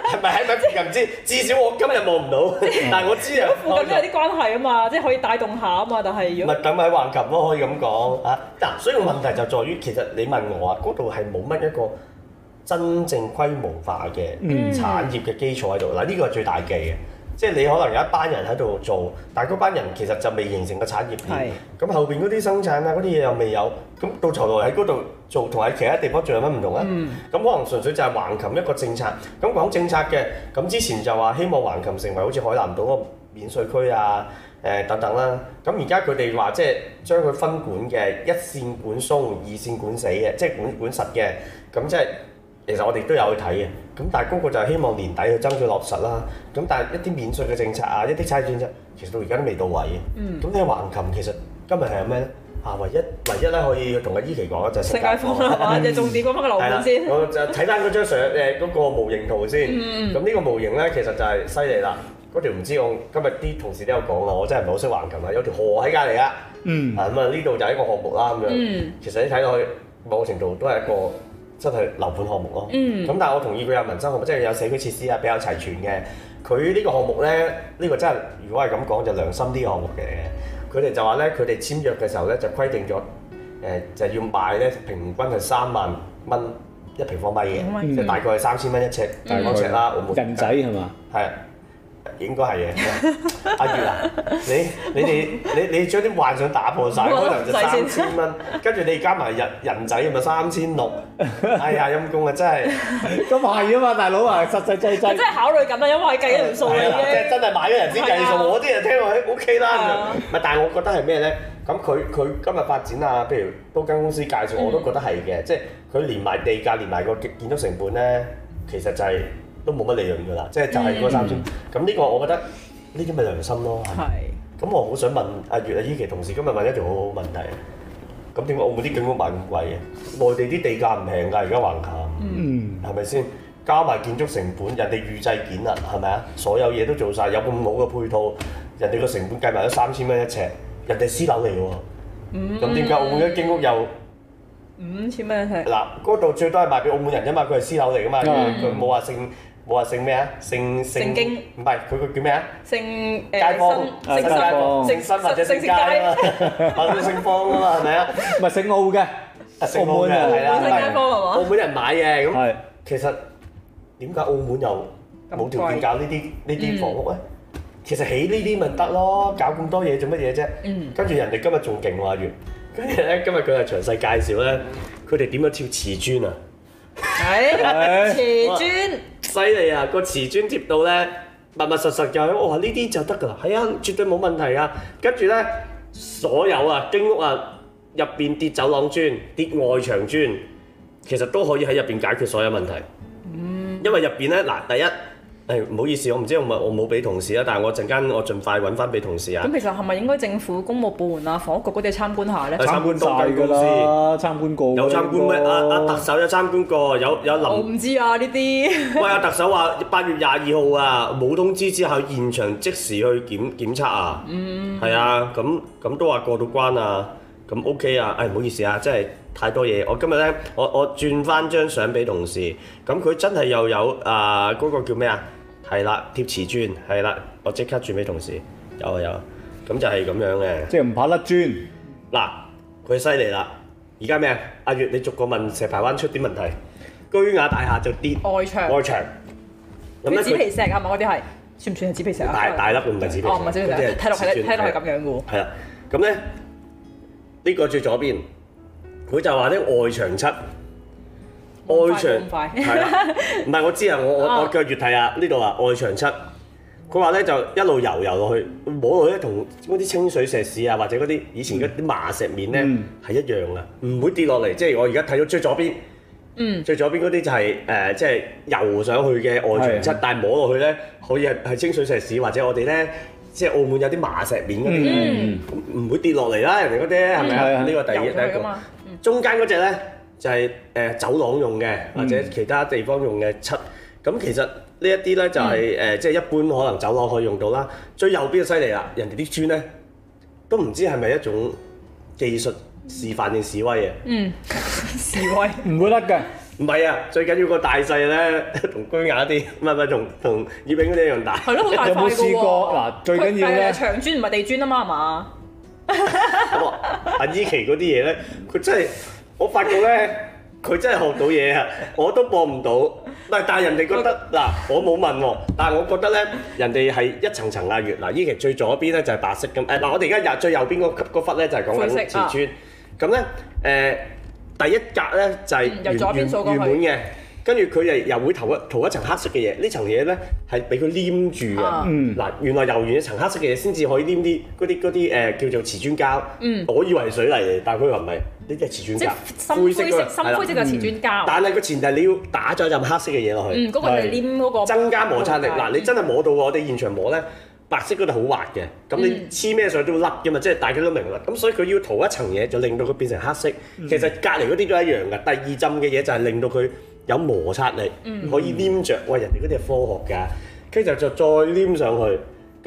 係咪喺咪？喺附近唔知？至少我今日望唔到，但係我知啊。附近都有啲
關係啊嘛，即
係可以帶動下啊嘛，但係要。如果唔係，咁咪喺橫琴咯，可以咁講啊。嗱，所以個問題就在於，其實你問我啊，嗰度係冇乜一個真正規模化嘅產業嘅基礎喺度。嗱，呢個係最大忌嘅。即係你可能有一班人喺度做，但係嗰班人其實就未形成個產業鏈。咁是後邊嗰啲生產啊，嗰啲嘢又未有，咁到頭來喺嗰度做，同喺其他地方仲有乜唔同啊？咁、嗯、可能純粹就係橫琴一個政策。咁講政策嘅，咁之前就話希望橫琴成為好似海南島個免稅區啊，誒、呃、等等啦、啊。咁而家佢哋話即係將佢分管嘅一線管鬆，二線管死嘅，即、就、係、是、管管實嘅。咁即係。其實我哋都有去睇嘅，咁但係嗰個就係希望年底去爭取落實啦。咁但係一啲免稅嘅政策啊，一啲差餉政策，其實到而家都未到位嘅。咁你個橫琴其實今日係咩咧？啊，唯一唯一咧可以同阿依琪講就係食街坊啦。食街坊啦。就重點講翻個樓盤先。我就睇翻嗰張相誒嗰個模型圖先。咁呢 個模型咧其實就係犀利啦。嗰條唔知我今日啲同事都有講啦，我真係唔係好識橫琴啦。有條河喺隔離啊。嗯。咁啊、嗯，呢度就係一個項目啦咁樣。其實你睇落去某程度都係一個。真係樓盤項目咯，咁、嗯、但係我同意佢有民生項目，即、就、係、是、有社區設施啊，比較齊全嘅。佢呢個項目咧，呢、這個真係如果係咁講就良心啲項目嘅。佢哋就話咧，佢哋簽約嘅時候咧就規定咗，誒、呃、就要賣咧平均係三萬蚊一平方米嘅，即係、嗯、大概係三千蚊一尺，大、嗯、尺啦。我、嗯、門人仔係嘛？係吧。應該係嘅，阿、嗯啊、月啊，你你哋你你將啲幻想打破晒，嗯、可能就三千蚊，跟住先你加埋人人仔咪三千六，3, 6, 哎呀陰公啊，真係，咁係啊嘛，大佬啊，實際實際，真係
考慮緊啊，因為係計一條數嚟嘅，即真係買咗人先計數，啊、我啲人聽落喺 O K
啦，唔、嗯、係、okay 啊，但係我覺得係咩咧？咁佢佢今日發展啊，譬如多間公司介紹，我都覺得係嘅，嗯、即係佢連埋地價，連埋個建築成本咧，其實就係、是。都冇乜利潤㗎啦，即係就係嗰三千，咁呢、嗯嗯、個我覺得呢啲咪良心咯，係是。咁、嗯、我好想問阿月阿依琪同事今日問一條好好問題，咁點解澳門啲經屋賣咁貴嘅？內地啲地價唔平㗎，而家橫琴，係咪先？加埋建築成本，人哋預製件啊，係咪啊？所有嘢都做晒，有咁好嘅配套，人哋個成本計埋咗三千蚊一尺，人哋私樓嚟㗎喎。咁點解澳門啲經屋又五、嗯嗯、千蚊一尺？嗱，嗰、那、度、個、最多係賣俾澳門人啫嘛，佢係私樓嚟㗎嘛，佢冇話性。冇話姓咩啊？姓姓唔係佢個叫咩啊？
姓誒新，姓新或者姓街，
或者姓方咯，係咪啊？唔係姓澳嘅，姓澳嘅係啦，新街坊係嘛？澳門啲人買嘅咁，其實點解澳門又冇條件搞呢啲呢啲房屋咧？其實起呢啲咪得咯，搞咁多嘢做乜嘢啫？跟住人哋今日仲勁話完，跟住咧今日佢係詳細介紹咧，佢哋點樣挑瓷磚啊？係， 瓷磚磚，犀利啊！個瓷磚貼到呢，密密實實又響，哇！呢啲就得㗎喇，係啊，絕對冇問題啊。跟住呢，所有啊經屋啊入邊跌走廊磚、跌外牆磚，其實都可以喺入邊解決所有問題。嗯，因為入邊呢，嗱，第一。誒唔、哎、好意思，我唔知我係咪我冇俾同事啊，但係我陣間我盡快揾翻俾同事啊。咁其
實係咪應該政府公務部門啊，房屋局嗰啲參觀下咧？參觀多計啦，
參觀過、啊。有參觀咩、啊？阿阿、那個啊啊、特首有參觀過，有有林。我唔知啊呢啲。 喂，阿特首話八月廿二號啊，冇通知之後現場即時去檢檢測啊。嗯。係啊，咁、嗯、咁、嗯、都話過到關啊。咁 OK 啊！誒，唔好意思啊，真係太多嘢。我今日咧，我我轉翻張相俾同事，咁佢真係又有啊嗰個叫咩啊？係啦，貼瓷磚係啦，我即刻轉俾同事。有啊有，啊。咁就係咁樣嘅。即係唔怕甩磚嗱，佢犀利啦！而家咩啊？阿月，你逐個問石排灣出啲問題，居雅大廈就跌外牆，外牆。佢紫皮
石係嘛？嗰啲係算唔算係紫皮石？大大
粒唔係紫皮石，即係睇落係睇落係咁樣嘅喎。係啦，咁咧。呢個最左邊，佢就話咧外牆漆，外牆
係啦，
唔係我知啊，我我我腳越睇啊，呢度話外牆漆，佢話咧就一路遊遊落去，摸落去咧同嗰啲清水石屎啊，或者嗰啲以前嗰啲麻石面咧係、嗯、一樣噶，唔會跌落嚟。即係我而家睇到最左邊，嗯，最左邊嗰啲就係誒即係遊上去嘅外牆漆，嗯、但係摸落去咧可以係係清水石屎或者我哋咧。即係澳門有啲麻石面嗰啲，唔、嗯、會跌落嚟啦，人哋嗰啲係咪啊？呢個、嗯、第一一個。中間嗰隻咧就係、是、誒、呃、走廊用嘅，或者其他地方用嘅漆。咁、嗯、其實呢一啲咧就係、是、誒，即係、嗯呃就是、一般可能走廊可以用到啦。最右邊就犀利啦，人哋啲磚咧都唔知係咪一種技術示範定示威嘅。
嗯，
示威唔會甩㗎。 唔係啊，最緊要個大細咧，同居雅啲，唔係唔係同同葉永啲一樣大，係咯， 好大，有冇試過。嗱， 最緊要咧，
牆磚唔係地磚啊嘛，係嘛？
阿依期嗰啲嘢咧，佢真係我發覺咧，佢真係學到嘢啊，我都播唔到。唔係， 但係人哋覺得嗱，我冇問喎，但係我覺得咧，人哋係一層層啊月嗱，依期最左邊咧就係白色咁誒，嗱、欸、我哋而家入最右邊嗰級嗰忽咧就係講緊瓷磚咁咧誒。啊啊第一格咧就係完完滿嘅，跟住佢又又會塗一塗一層黑色嘅嘢，層呢層嘢咧係俾佢黏住嘅。嗱、啊，嗯、原來又完一層黑色嘅嘢先至可以黏啲嗰啲啲誒叫做瓷磚膠。嗯、我以為係水泥，但係佢話唔係，呢啲係瓷磚膠。灰色、深灰色嘅瓷、嗰個、磚膠。嗯、但係個前提你要打咗一陣黑色嘅嘢落去。嗯，嗰個、黏嗰個是增加摩擦力。嗱、嗯，嗯、你真係摸到我哋現場摸咧。白色嗰度好滑嘅，咁你黐咩上去都會甩嘅嘛，即係、嗯、大家都明白。咁所以佢要塗一層嘢，就令到佢變成黑色。嗯、其實隔離嗰啲都一樣嘅。第二針嘅嘢就係令到佢有摩擦力，嗯、可以黏着。喂，人哋嗰啲係科學㗎，跟住就再黏上去。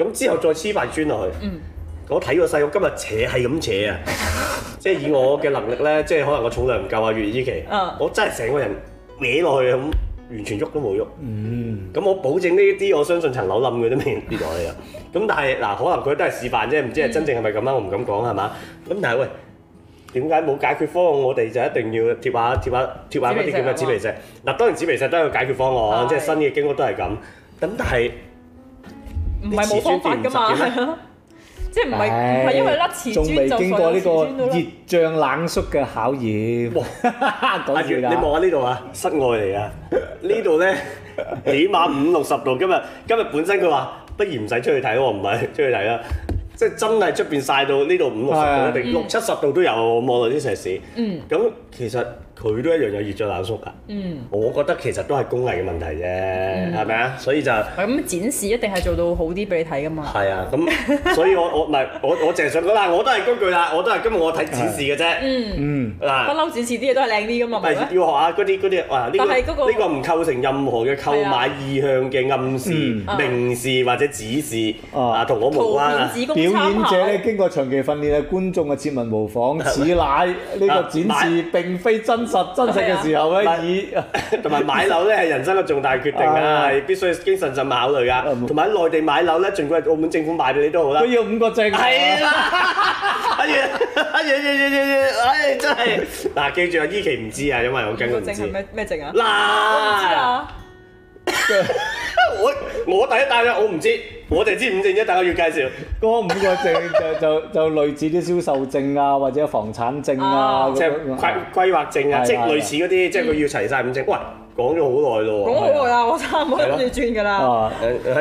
咁之後再黐塊磚落去。去嗯、我睇個細佬今日扯係咁扯啊！即係以我嘅能力咧，即係可能我重量唔夠啊，月依期。我真係成個人歪落去咁。完全喐都冇喐，咁、嗯、我保證呢啲，我相信層樓冧嘅都未跌落嚟啊！咁 但係嗱、呃，可能佢都係示範啫，唔知係真正係咪咁啊？嗯、我唔敢講係嘛？咁但係喂，點解冇解決方案，我哋就一定要貼下貼下貼下嗰啲叫咩紙皮石？嗱、啊，當然紙皮石都有解決方案，的即係新嘅經屋都係咁。咁但係，
唔係冇方法㗎嘛？即係唔係唔係，哎、因為甩瓷磚仲未經過呢個熱
脹冷縮嘅考驗。阿月，你望下呢度啊，室外嚟啊。呢度咧， 起碼五六十度。今日今日本身佢話，不如唔使出去睇喎，唔係出去睇啦。即係真係出邊曬到呢度五六十度，定六七十度都有。望落啲石屎。嗯。咁其實。佢都一樣有熱脹冷縮㗎。嗯，我覺得其實都係工藝嘅問題啫，係咪啊？所以就係咁
展示一定係做到好啲俾你睇㗎嘛。係啊，
咁所以我我唔係我我淨係想講啦，我都係嗰句啦，我都係今日我睇展示嘅啫。嗯嗯。嗱，不
嬲展示啲嘢都係靚啲㗎嘛，係咪？
要學下嗰啲嗰啲，哇呢個呢個唔構成任何嘅購買意向嘅暗示、明示或者指示啊，同我無關。表演者咧經過長期訓練嘅觀眾嘅切勿模仿，此乃呢個展示並非真真實真實嘅時候咧，同埋吧以以 買樓咧係人生嘅重大決定啊， 必須要謹慎慎考慮噶、啊。同埋喺內地買樓咧，儘管 澳門政府買俾你都好啦、啊。我要五個證。係啊！阿一、一、一、一、一，唉，真係。嗱、 啊，記住啊，依期唔知啊，因為我根本唔知。咩
咩證啊？嗱！
我我第一單咧，我唔知，我哋知五證啫，大家要介紹。嗰五個證就就就類似啲銷售證啊，或者房產證啊， 啊那個、即係規規劃證啊，對對對即係類似嗰啲，嗯、即係佢要齊晒五證。喂，講咗好耐咯喎，講好
耐啊，我差唔多諗住轉噶啦，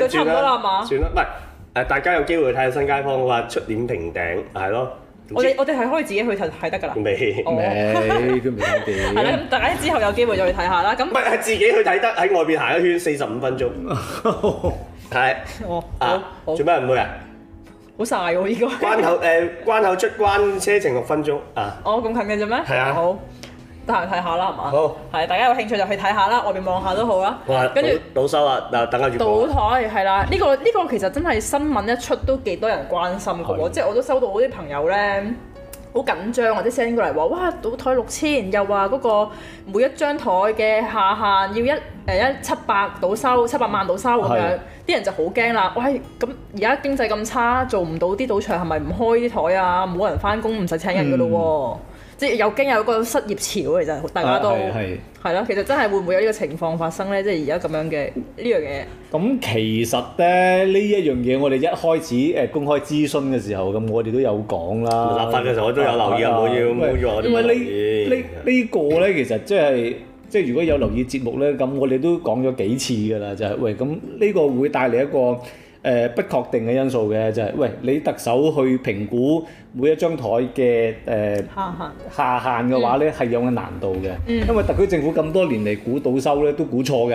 就差唔多啦嘛。算啦、嗯，唔係誒，大家有機會睇下新街坊嘅話，出年平頂，係咯。我哋我
哋係可以自己去睇睇得㗎啦，未？
唔係，係啦，咁
大家之後有機會再去睇下啦。咁唔係自己
去睇得喺外邊行一圈，四十五分鐘，係哦，做咩唔會啊？好曬喎！呢個關口誒，關口出關車程六分鐘啊！哦，咁近嘅啫咩？係啊，好。得閒睇下啦，係嘛？
好，係大家有興趣就去睇下啦，外邊望下都好啦。跟住
賭收啊，嗱，等下賭
枱係啦，呢個呢個其實真係新聞一出都幾多人關心嘅喎，的即係我都收到好啲朋友咧，好緊張或者 send 過嚟話，哇，賭枱六千，又話嗰個每一張枱嘅下限要一誒一七百賭收，七百萬賭收咁樣，啲的人就好驚啦。喂，咁而家經濟咁差，做唔到啲賭場係咪唔開啲枱啊？冇人翻工，唔使請人嘅咯喎。嗯即係有經有個失業潮，其實大家都係咯、啊，其實真係會唔會有呢個情況發生咧？即係而家咁樣嘅呢樣嘢。
咁其實咧呢一樣嘢，我哋一開始誒、呃、公開諮詢嘅時候，咁我哋都有講啦。立法嘅時候，我都有留意對對有冇要冇要我哋。因為呢呢呢個咧，其實即係即係如果有留意節目咧，咁、嗯、我哋都講咗幾次噶啦，就係、是、喂咁呢個會帶嚟一個。誒、呃，不確定嘅因素嘅就係、是，喂，你特首去評估每一張枱嘅誒下限嘅話咧，係、嗯、有個難度嘅，嗯、因為特區政府咁多年嚟估賭收咧都估錯嘅，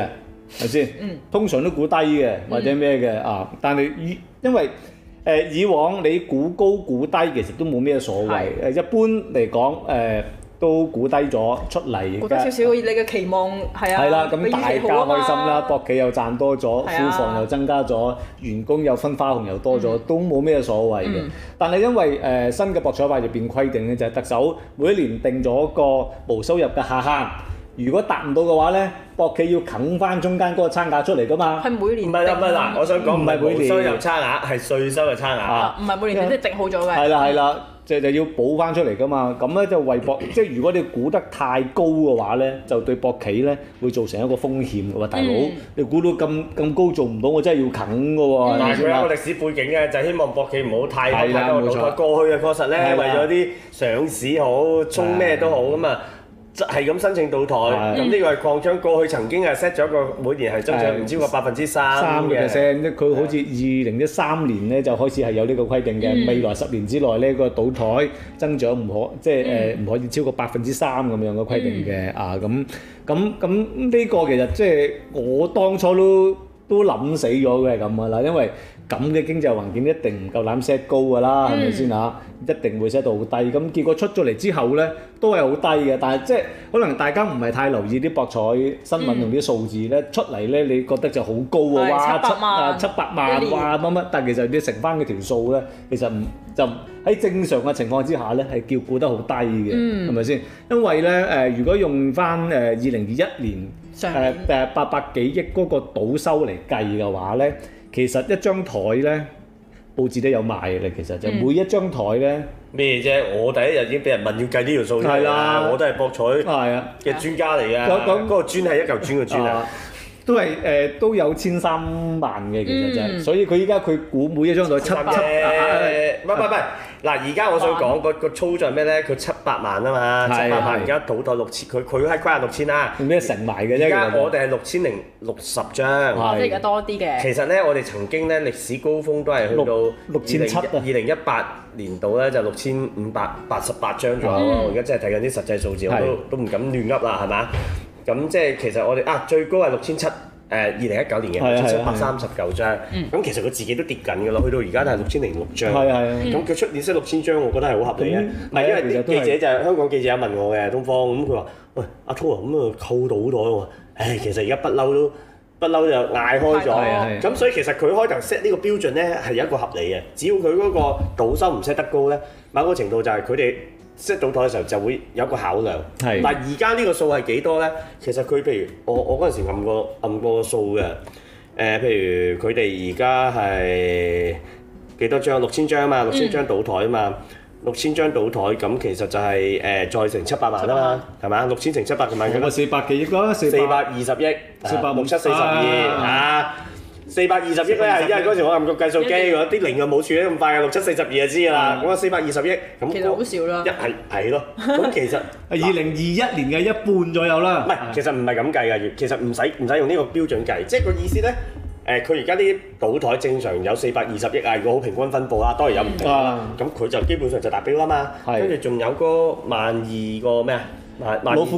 係咪先？嗯、通常都估低嘅或者咩嘅、嗯、啊，但係以因為誒、呃、以往你估高估低其實都冇咩所謂，誒的的一般嚟講誒。呃都估低咗出嚟，估低少
少你嘅期望係啊，咁大家開心啦！
博企又賺多咗，庫房又增加咗，員工又分花紅又多咗，都冇咩所謂嘅。但係因為誒新嘅博彩法入邊規定咧，就係特首每一年定咗個無收入嘅下限，如果達唔到嘅話咧，博企要啃翻中間嗰個差額出嚟噶嘛。係每年唔係啦，唔係啦，我想講唔係每年無收入差額係稅收嘅差額，唔係
每年佢都定好咗嘅。係啦，係啦。
就就要補翻出嚟噶嘛，咁咧就為博， 即係如果你估得太高嘅話咧，就對博企咧會造成一個風險嘅嘛。大佬、嗯、你估到咁咁高做唔到，我真係要啃嘅喎。但係佢有個歷史背景嘅，就希望博企唔好太高。係啦的，冇錯沒錯 過去嘅確實咧，的為咗啲上市好，衝咩都好咁啊。的就係咁申請倒台，咁呢個係擴張。過去曾經係 set 咗一個每年係增長唔超過百分之三嘅升，即佢好似二零一三年咧的就開始係有呢個規定嘅。嗯、未來十年之內呢個倒台增長唔可，即係誒唔可以超過百分之三咁樣嘅規定嘅。嗯、啊，咁咁咁呢個其實即係我當初都都諗死咗嘅咁嘅啦，因為。咁嘅經濟環境一定唔夠膽 set 高㗎啦，係咪先啊？一定會 set 到好低。咁結果出咗嚟之後咧，都係好低嘅。但係即係可能大家唔係太留意啲博彩新聞同啲數字咧，嗯、出嚟咧，你覺得就好高啊！哇，七百萬，七百萬哇乜乜。但其實你乘翻嘅條數咧，其實唔就喺正常嘅情況之下咧，係叫估得好低嘅，係咪先？因為咧誒、呃，如果用翻誒二零二一年誒誒八百幾億嗰個賭收嚟計嘅話咧。其實一張台咧，報紙都有賣嘅咧。其實就每一張台咧，咩啫、嗯？我第一日已經俾人問要計呢條數嘅啦。的我都係博彩嘅專家嚟嘅。咁咁嗰個磚係一嚿磚嘅磚啊？ 都係誒，都有千三萬嘅，其實真係，所以佢依家佢估每一張都七七誒，唔係唔係，嗱，而家我想講個操作係咩咧？佢七百萬啊嘛，七百萬而家倒到六千，佢佢係虧下六千啦。咁咩成埋嘅啫？而家我哋係六千零六十張，我哋而家
多啲嘅。其實咧，
我哋曾經咧歷史高峰都係去到六千七二零一八年度咧就六千五百八十八張，咁我而家真係睇緊啲實際數字，我都都唔敢亂噏啦，係嘛？咁即係其實我哋啊最高係六千七，誒二零一九年嘅六千七百三十九張，咁其實佢自己都跌緊㗎咯，去到而家都係六千零六張。係啊係啊，咁佢出年 set 六千張，我覺得係好合理嘅。唔係因為記者就係香港記者有問我嘅，東方咁佢話：喂阿滔啊，咁啊扣到咗耐喎。誒，其實而家不嬲都不嬲就嗌開咗。係啊係，咁所以其實佢開頭 set 呢個標準咧係有一個合理嘅，只要佢嗰個賭收唔 set 得高咧，某個程度就係佢哋。即係倒台嘅時候就會有個考量。係嗱的，而家呢個數係幾多咧？其實佢譬如、哦、我我嗰陣時撳過撳過個數嘅。誒、呃，譬如佢哋而家係幾多張？六千張啊嘛，六千張倒台啊嘛，嗯、六千張倒台咁，其實就係、是、誒、呃、再乘七百萬啊嘛，係嘛？六千乘七百萬咁。我四百幾億咯，四百二十億，四百六七四十二啊！啊四百二十億因為，嗰是時我用個計數機，我啲零又冇處理咁快嘅，六七四十二就知啦。我話四百二十億，咁其實好少啦，一係係咯。咁其實二零二一年嘅一半左右啦。唔係， 其實唔係咁計嘅，其實唔使唔使用呢個標準計，即係個意思咧。誒，佢而家啲賭枱正常有四百二十億啊，如果好平均分布啊，當然有唔同啦。咁佢的就基本上就達標啦嘛。跟住仲有個萬二個咩啊？萬二個老虎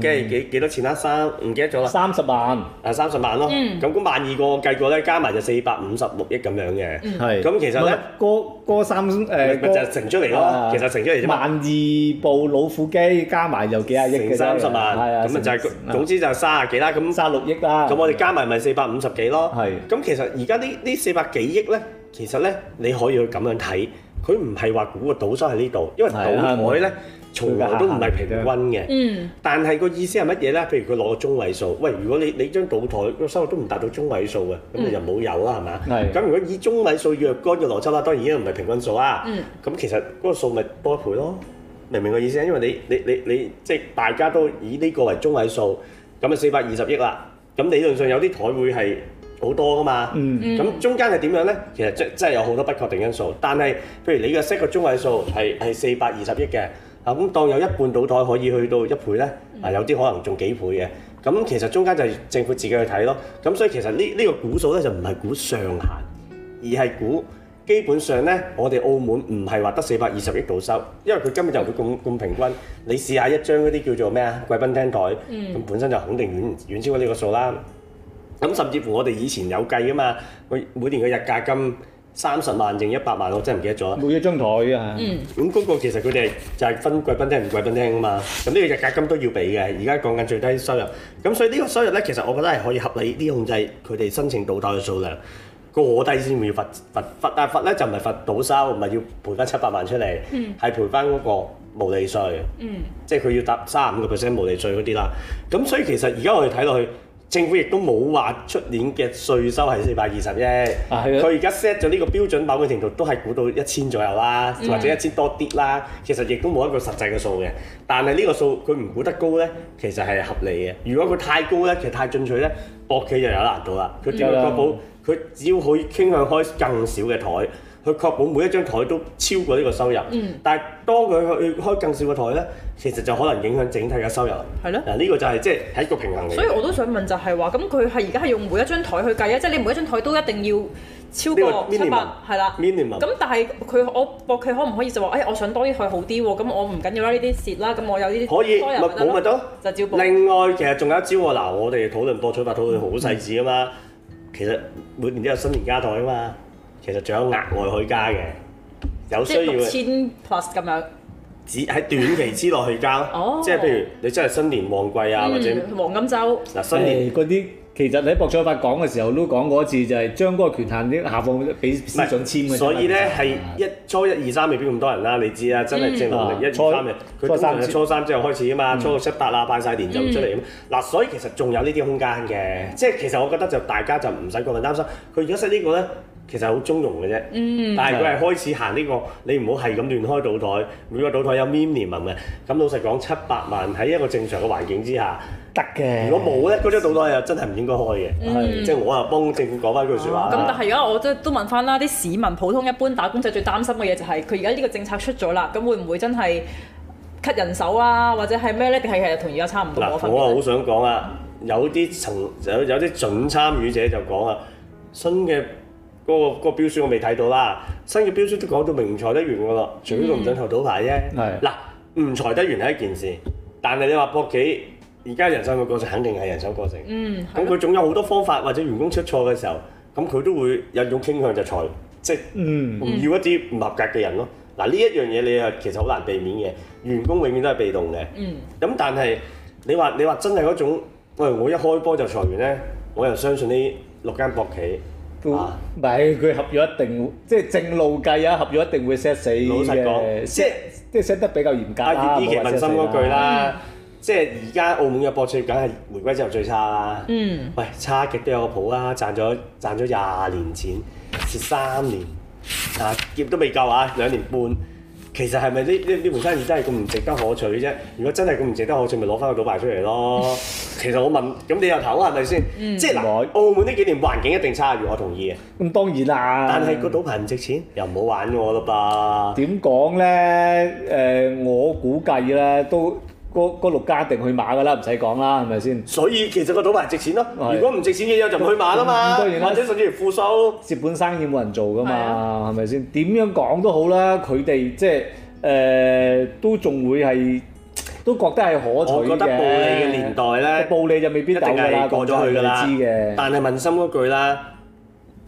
機，幾幾多錢啊？三唔記得咗啦。三十萬。啊，三十萬咯。咁咁萬二個計過咧，加埋就四百五十六億咁樣嘅。嗯。咁其實咧，嗰三誒，咪就係乘出嚟咯。其實乘出嚟。萬二部老虎機加埋就幾廿億乘三十萬。係啊。咁咪就係總之就係卅幾啦。咁卅六億啦。咁我哋加埋咪四百五十幾咯。係。咁其實而家呢呢四百幾億咧，其實咧你可以去咁樣睇。佢唔係話估個賭收喺呢度，因為賭枱咧從來都唔係平均嘅。嗯，嗯，但係個意思係乜嘢咧？譬如佢攞個中位數，喂，如果你你張賭枱個收入都唔達到中位數嘅，咁你就冇有啦，係嘛、嗯？係吧。咁如果以中位數若干嘅邏輯啦，當然啊已經唔係平均數啊。嗯。咁其實嗰個數咪多一倍咯。明唔明個意思啊？因為你你你你即係、就是、大家都以呢個為中位數，咁啊四百二十億啦。咁理論上有啲台會係。好多噶嘛，咁、嗯、中間係點樣呢？其實真真係有好多不確定因素，但係譬如你嘅 set 個中位數係係四百二十億嘅，啊、嗯、咁當有一半賭枱可以去到一倍呢，嗯、啊有啲可能仲幾倍嘅，咁、嗯、其實中間就係政府自己去睇咯。咁、嗯、所以其實呢呢、呢個估數呢，就唔係估上限，而係估基本上呢，我哋澳門唔係話得四百二十億到收，因為佢根本就唔會咁咁平均，你試下一張嗰啲叫做咩啊貴賓廳枱，咁、嗯、本身就肯定遠遠超過呢個數啦。咁甚至乎我哋以前有計噶嘛，每每年嘅日價金三十萬定一百萬，我真係唔記得咗。每一張台啊，咁嗰、嗯、個其實佢哋就係分貴賓廳唔貴賓廳啊嘛。咁、那、呢個日價金都要俾嘅，而家講緊最低收入。咁所以呢個收入咧，其實我覺得係可以合理啲控制佢哋申請賭枱嘅數量，過低先會罰罰罰，但係罰咧就唔係罰賭收，唔係要賠翻七百萬出嚟，係賠翻嗰個毛利稅。嗯，嗯即係佢要搭三十五個 percent 毛利稅嗰啲啦。咁所以其實而家我哋睇落去。政府亦都冇話出年嘅稅收係四百二十億，佢而家 set 咗呢個標準，某個程度都係估到一千左右啦，或者 1, 一千多啲啦。其實亦都冇一個實際嘅數嘅，但係呢個數佢唔估得高呢，其實係合理嘅。如果佢太高呢，其實太進取呢，博企就有難度啦。佢點樣確保佢只要可以傾向開更少嘅台？佢確保每一張台都超過呢個收入。嗯。但係當佢去開更少嘅台咧，其實就可能影響整體嘅收入。係咯的。嗱呢、啊這個就係即係一個平衡嚟。所以我
都想問就係話，咁佢係而家係用每一張台去計啊，即、就、係、是、你每一張台都一定要超過七百，係啦。minimum。咁但係佢我搏佢可唔可以就話，誒、哎、我想多啲去好啲喎，咁我唔緊要啦呢啲蝕啦，咁我有呢啲可以。咪咪都
就照。另外其實仲有一招喎，嗱、啊、我哋討論博彩法討論好細緻啊嘛，嗯、其實每年都有新年加台啊嘛。其實仲有額外去加嘅，有需要。即係六千
plus 咁樣。
只喺短期之內去加哦。即係譬如你真係新年旺季啊，或者
黃金周嗱新年
嗰啲，其實你喺博彩法講嘅時候都講過一次，就係將嗰個權限啲下放俾司長簽嘅。唔係。所以咧係一初一二三未必咁多人啦，你知啊，真係正話一初三日佢都初三之後開始㗎嘛，初七八啦拜曬年就出嚟咁。嗱，所以其實仲有呢啲空間嘅，即係其實我覺得就大家就唔使過分擔心，佢而家識呢個咧。其實好中庸嘅啫，但係佢係開始行呢、呢個，你唔好係咁亂開賭枱，每個賭枱有 minimum、um、嘅。咁老實講，七百萬喺一個正常嘅環境之下得嘅。的如果冇咧，嗰張賭枱又真係唔應該開嘅。係、嗯，即係我啊幫政府講翻句説話咁、嗯嗯嗯、但係
而家我都都問翻啦，啲市民普通一般打工仔最擔心嘅嘢就係佢而家呢個政策出咗啦，咁會唔會真係吸人手啊？或者係咩咧？定係其實同而家
差唔多？嗱，嗯、我好想講啊，有啲曾有有啲準參與者就講啊，新嘅。嗰個、嗰個標書我未睇到啦，新嘅標書都講到明唔裁得完嘅咯，除非佢唔准投賭牌啫。係嗱的，唔裁得完係一件事，但係你話博企而家人手嘅過程肯定係人手過程。嗯，咁佢總有好多方法或者員工出錯嘅時候，咁佢都會有種傾向就裁，即、就、唔、是、要一啲唔合格嘅人咯。嗱，呢一樣嘢你又其實好難避免嘅，員工永遠都係被動嘅。嗯，咁、嗯嗯、但係你話你話真係嗰種，喂、哎、我一開波就裁完咧，我又相信呢六間博企。都唔係，佢、啊、合約一定即係正路計啊！合約一定會 set 死嘅，老實講設即係是即係 set 得比較嚴格以其問心嗰句啦，嗯、即係而家澳門嘅博彩業梗係回歸之後最差
啦。嗯，
喂，差極都有個譜啊！賺咗賺咗廿年錢，蝕三年啊，結都未夠啊，兩年半。其實係咪呢呢呢盤生意真係咁唔值得可取啫？如果真係咁唔值得可取，咪攞翻個賭牌出嚟咯。其實我問，咁你又投係咪先？即係嗱，澳門呢幾年環境一定差越，如我同意啊。咁、嗯、當然啊，但係個賭牌唔值錢，又唔好玩我啦噃。點講咧？誒、呃，我估計咧都。個個六家定去馬噶啦，唔使講啦，係咪先？所以其實個賭牌值錢咯。如果唔值錢嘅嘢就唔去馬啦嘛。或者甚至乎負收蝕本生意冇人做噶嘛，係咪先？點樣講都好啦，佢哋即係誒都仲會係都覺得係可取嘅。我覺得暴利嘅年代咧，暴利就未必一定係過咗去㗎啦。你知嘅。但係問心嗰句啦，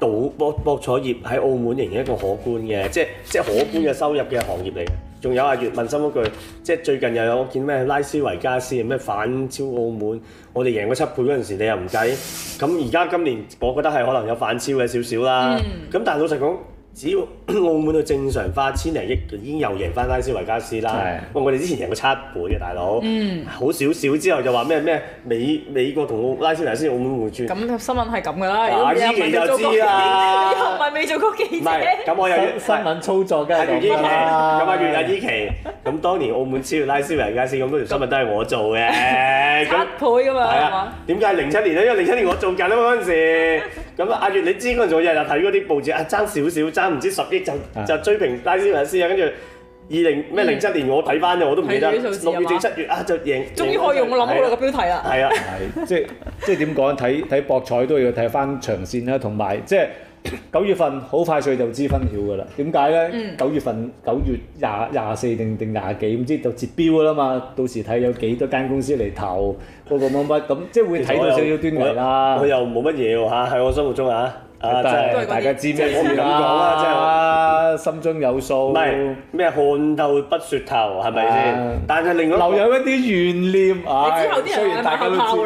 賭博博彩業喺澳門仍然一個可觀嘅，即係即係可觀嘅收入嘅行業嚟。仲有阿月問心一句，即係最近又有我見咩拉斯維加斯咩反超澳門，我哋贏咗七倍嗰陣時，你又唔計，咁而家今年我覺得係可能有反超嘅少少啦。咁、嗯、但係老實講。只要澳門去正常化，千零億已經又贏翻拉斯維加斯啦。喂，我哋之前贏過七倍嘅大佬，好少少之後就話咩咩美美國同拉斯維加斯澳門會轉？咁新聞係咁噶啦，阿依期就知啦，又唔
係未做過記者？唔係，咁我有
新聞操作嘅，阿依期，咁啊，阿依期，咁當年澳門超越拉斯維加斯咁多條新聞都係我做嘅，七倍㗎嘛？係啊，點解零七年咧？因為零七年我做緊啊嘛嗰陣時。咁阿、啊、月你知嗰陣時我日日睇嗰啲報紙啊，爭少少爭唔知十億就就追平拉斯維加斯啊，跟住二零咩零七年我睇翻啫，我都唔記得。嗯、六月至七月啊，就贏。贏終於可以用、嗰個、我諗好耐嘅標題
啦。係啊係、啊， 即
係即係點講？睇睇博彩都要睇翻長線啦，同埋即係。九 月份好快脆就知分曉嘅啦，點解咧？九、嗯、月份九月廿廿四定定廿幾，唔知就截標嘅啦嘛，到時睇有幾多間公司嚟投、嗰個乜乜咁，即係會睇到少少端倪啦。佢又冇乜嘢喎嚇，喺我心目中嚇。啊！真係是大家知咩？ 我唔敢講啦，真係、啊、心中有數。唔係咩看透不説透係咪先？是是啊、但係另外留有一啲懸念，哎、之後啲人雖然大家都知。誒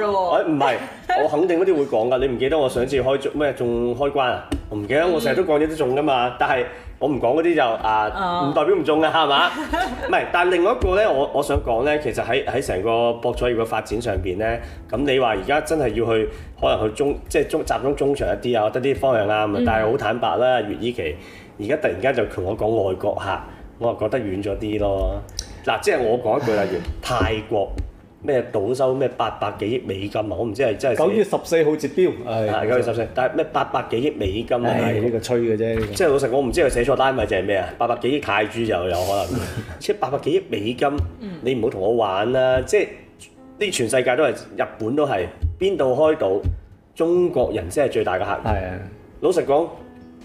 唔係，我肯定嗰啲會講㗎。你唔記得我上次開咩？中開關啊？我唔記得。 我成日都講嘢都中㗎嘛。但係。我唔講嗰啲就是、啊，唔、oh. 代表唔中㗎係嘛？唔係， 但係另外一個咧，我我想講咧，其實喺喺成個博彩業嘅發展上邊咧，咁你話而家真係要去，可能去中，即係中集中中場一啲啊，得啲方向啱啊。但係好坦白啦，粵以期而家突然間就同我講外國客，我係覺得遠咗啲咯。嗱、啊，即係我講一句啦，例如泰國。咩賭收咩八百幾億美金啊！我唔知係真係九月十四號截標。係九是月十四，但係咩八百幾億美金啊？係呢、哎、的個吹嘅啫。即係這個 老實，我唔知佢寫錯單位定係咩啊？八百幾億泰銖就有可能。 即係八百幾億美金，你唔好同我玩啦、啊！即係啲全世界都係日本都係，邊度開賭？中國人先係最大嘅客。係啊的。老實講，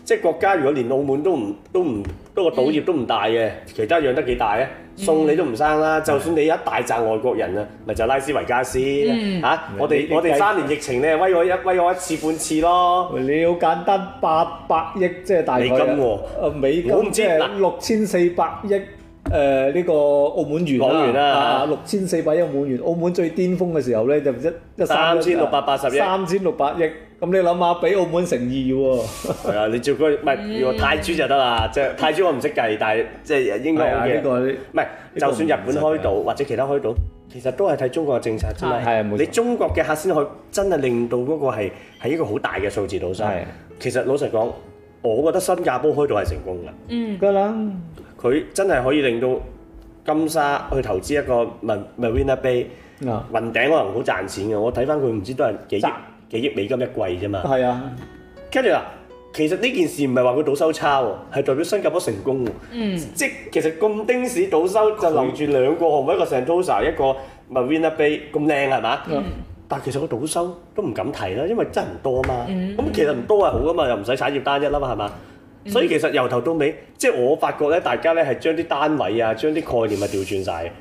即係國家如果連澳門都唔都唔，都不過賭業都唔大嘅，其他養得幾大啊？送你都唔生啦，嗯、就算你一大紮外國人啊，咪的就拉斯維加斯嚇、嗯啊！我哋我哋三年疫情咧，威我一威我一次半次咯。你好簡單，八百億即係、就是、大金啊，美金即係六千四百億誒呢、呃呢個澳門元啦，六千四百億澳門元。澳門最巔峰嘅時候咧，就是、一三千六百八十億，三千六百億。咁你諗下，俾澳門成二喎？係啊，你照嗰唔係，如果泰銖就得啦，即係泰銖我唔識計，但係即係應該嘅。唔係，就算日本開島或者其他開島，其實都係睇中國嘅政策啫嘛。係啊，你中國嘅客先去，真係令到嗰個係係一個好大嘅數字到曬。其實老實講，我覺得新加坡開島係成功嘅。嗯，佢真係可以令到金沙去投資一個咪 Marina Bay 雲頂可能好賺錢嘅。我睇翻佢唔知都係幾億。幾億美金一季啫嘛，係啊，跟住嗱，其實呢件事唔係話佢賭收差喎，係代表新加坡成功喎，嗯，即其實咁丁氏賭收就攬住兩個項目，一個 Sentosa，一個 Marina Bay，咁靚係嘛，嗯、但係其實個賭收都唔敢提啦，因為真唔多啊嘛，咁、嗯、其實唔多係好噶嘛，又唔使產業單一啦嘛係嘛，嗯、所以其實由頭到尾，即係我發覺咧，大家咧係將啲單位啊，將啲概念咪調轉晒。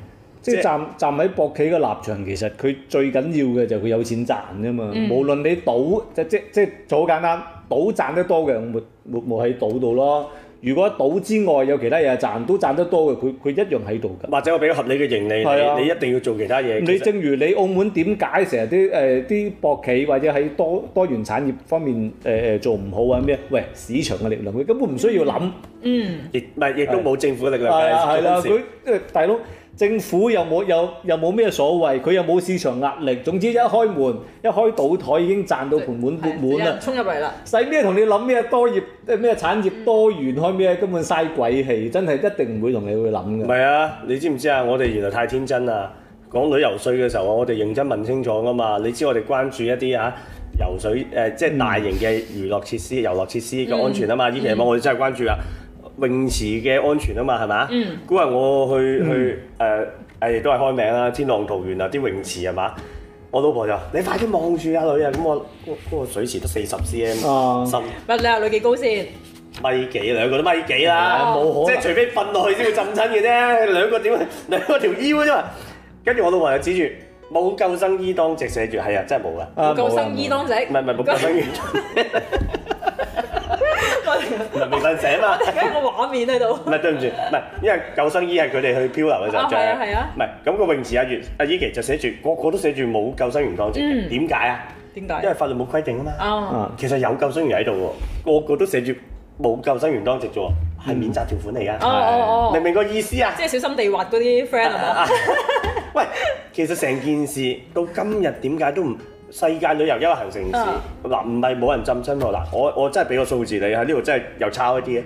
就是、即係站站喺博企嘅立場，其實佢最緊要嘅就係佢有錢賺啫嘛。嗯、無論你賭，即即即就好、是就是、簡單，賭賺得多嘅，我冇冇冇喺賭度咯。如果賭之外有其他嘢賺，都賺得多嘅，佢佢一樣喺度噶。或者我俾個合理嘅盈利，你、啊、你一定要做其他嘢。你正如你澳門點解成日啲誒啲博企或者喺多多元產業方面誒誒、呃、做唔好啊咩？喂，市場嘅力量佢根本唔需要諗，嗯，亦唔係亦都冇政府嘅力量。係啦，佢即係大佬。政府又冇有，有又冇咩所謂，佢又冇市場壓力。總之一開門一開賭枱已經賺到盆滿缽滿啦，衝入嚟啦！使咩同你諗咩多業咩產業多元開咩，根本嘥鬼氣，真係一定唔會同你去諗嘅。唔係啊，你知唔知啊？我哋原來太天真啦。講旅遊稅嘅時候，我我哋認真問清楚㗎嘛。你知我哋關注一啲啊，游水誒、即、呃、係、就是、大型嘅娛樂設施、嗯、遊樂設施嘅安全啊嘛。以前我哋真係關注啊。泳池嘅安全啊嘛，係嘛？嗯，嗰日我去、嗯、去誒誒、呃、都係開名啦，天浪淘園啊啲泳池係嘛？我老婆就話你快啲望住阿女啊！咁我嗰、那個水池得四、啊、十 cm 深。
咪你阿女幾高先？
米幾兩個都米幾啦，冇、啊、可能。即係除非瞓落去先會浸親嘅啫，兩個點兩個條腰啫嘛。跟住我老婆又指住冇救生衣當值，寫住，係啊，真係冇噶救生衣當值。唔係，唔係冇救生衣。唔係未瞓醒嘛？而家個畫面喺度。唔係，對唔住，唔係因為救生衣係佢哋去漂流嘅時候着。係啊係啊。唔係，咁個泳池阿月阿 E K 就寫住，個個都寫住冇救生員當值，點解啊？點解？因為法律冇規定啊嘛。哦。其實有救生員喺度喎，個個都寫住冇救生員當值啫喎，係免責條款嚟噶。哦哦哦。明唔明個意思啊？即
係小心地滑嗰啲 friend 啊！
喂，其實成件事到今日點解都唔？世界旅遊休閒城市，嗱唔係冇人浸親我，嗱我我真係俾個數字你，喺呢度真係又差一啲嘅。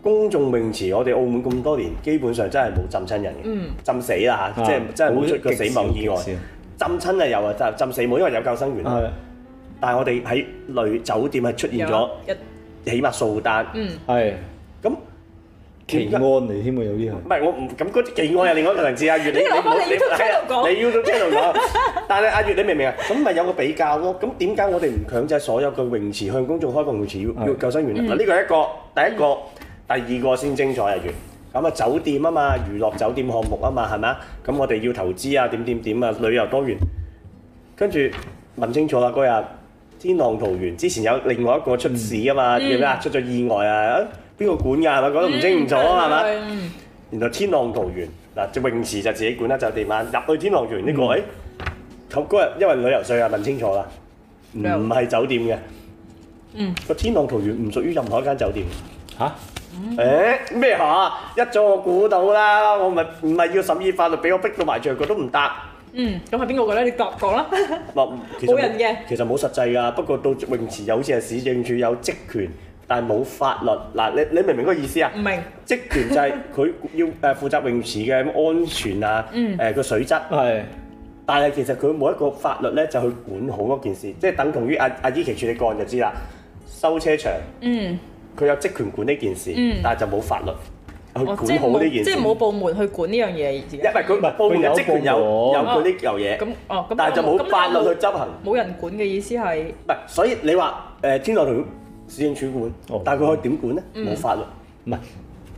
公眾泳池我哋澳門咁多年，基本上真係冇浸親人嘅，嗯、浸死啦嚇，啊、即係真係冇出過死亡意外。浸親啊有啊，浸死冇，因為有救生員啦。的但係我哋喺類酒店係出現咗一起碼數單，係咁、嗯。的奇安，你添啊！有啲係唔係？我唔咁嗰啲，奇案又另外一個層次 阿月，你你唔好你喺度 講，你要喺度講。但係阿月，你明唔明啊？咁咪有個比較咯。咁點解我哋唔強制所有嘅泳池向公眾開放泳池要救生員嗱，呢個係一個第一個，嗯、第二個先精彩阿月咁啊，酒店啊嘛，娛樂酒店項目啊嘛，係咪啊？咁我哋要投資啊，點點點啊，旅遊多元。跟住問清楚啦，嗰日天浪桃園之前有另外一個出事啊嘛？叫咩？啊？出咗意外啊？邊個管噶係咪？講得唔清唔楚係咪？原來天浪淘園，嗱，只泳池就自己管啦，就地埋入去天浪淘園呢個位。咁嗰日因為旅遊稅啊問清楚啦，唔係酒店嘅。嗯。個天浪淘園唔屬於任何一間酒店。吓？嗯。誒咩吓？一早我估到啦，我咪唔係要審議法律，就俾我逼到埋牆角佢都唔答。嗯，咁
係邊個嘅咧？你講講啦。
冇人嘅。其實冇實際噶，不過到泳池有好似係市政署有職權。但係冇法律，嗱，你你明唔明嗰個意思啊？唔明職權就係佢要誒負責泳池嘅安全啊，誒個水質，係。但係其實佢冇一個法律咧，就去管好嗰件事，即係等同於阿阿依其處理個案就知啦。修車場，嗯，佢有職權管呢件事，但係就冇法律去管好呢件事。即係冇
部門去管呢樣嘢。因
為佢唔係部門，有職權有有嗰啲由嘢，
但係就冇法律去執行。冇人管嘅意思係？
唔係，所以你話誒天台同市政處管，但係佢可以點管咧？冇法律，唔係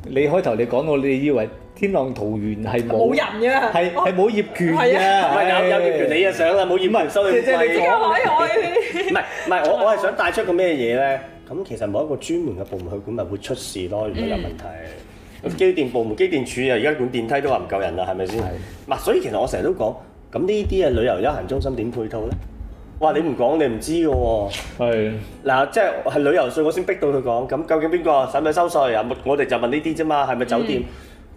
你開頭你講過，你以為天朗桃園係冇人嘅，係係冇業權嘅，係有有業權，你啊想啦，冇業權冇人收你費。唔係唔係，我我係想帶出個咩嘢咧？咁其實冇一個專門嘅部門去管，咪會出事咯。如果有問題，機電部門、機電處啊，而家管電梯都話唔夠人啦，係咪先？係，所以其實我成日都講，咁呢啲啊旅遊休閒中心點配套咧？哇！你唔講你唔知嘅喎、哦，嗱是，即係旅遊稅我先逼到佢講，咁究竟邊個使唔使收稅啊？我哋就問呢啲啫嘛，係咪酒店？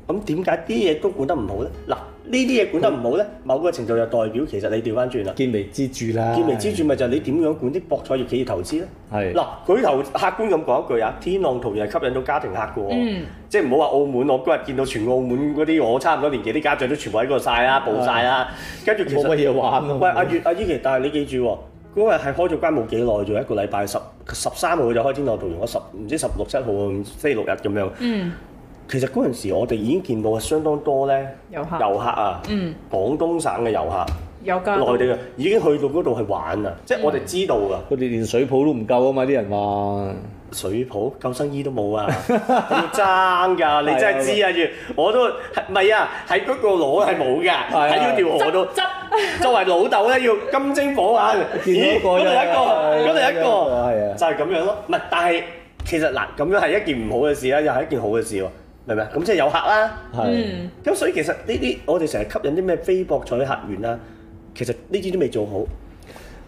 咁點解啲嘢都管得唔好呢？嗱。呢啲嘢管得唔好咧，某個程度就代表其實你調翻轉啦。見微知，知著啦，見微知，知著咪就係、是、你點樣管啲博彩業企業投資呢是 咧？係嗱，舉頭客觀咁講一句啊，天浪淘園又係吸引到家庭客嘅喎，嗯、即係唔好話澳門，我今日見到全澳門嗰啲我差唔多年紀啲家長都全部喺嗰度曬啦，報晒啦，跟住冇乜嘢玩。話喂，阿月阿依琪，但係你記住，嗰日係開咗關冇幾耐，做一個禮拜十十三號就開天浪淘園，我做完我十唔知十六七號星期六日咁樣。嗯其實嗰陣時，我哋已經見到係相當多咧遊客，遊客啊，廣東省嘅遊客，有㗎，內地嘅已經去到嗰度去玩啊！即係我哋知道㗎，佢哋連水泡都唔夠啊嘛！啲人話水泡、救生衣都冇啊，爭㗎！你真係知啊？要我都唔係啊！喺嗰個攞係冇㗎，喺嗰條河度執。作為老豆咧，要金睛火眼，咦？嗰度一個，嗰度一個，就係咁樣咯。唔係，但係其實嗱，咁樣係一件唔好嘅事啦，又係一件好嘅事喎。明唔明啊？咁即係遊客啦。係是。咁所以其實呢啲我哋成日吸引啲咩非博彩客源啦，其實呢啲都未做好，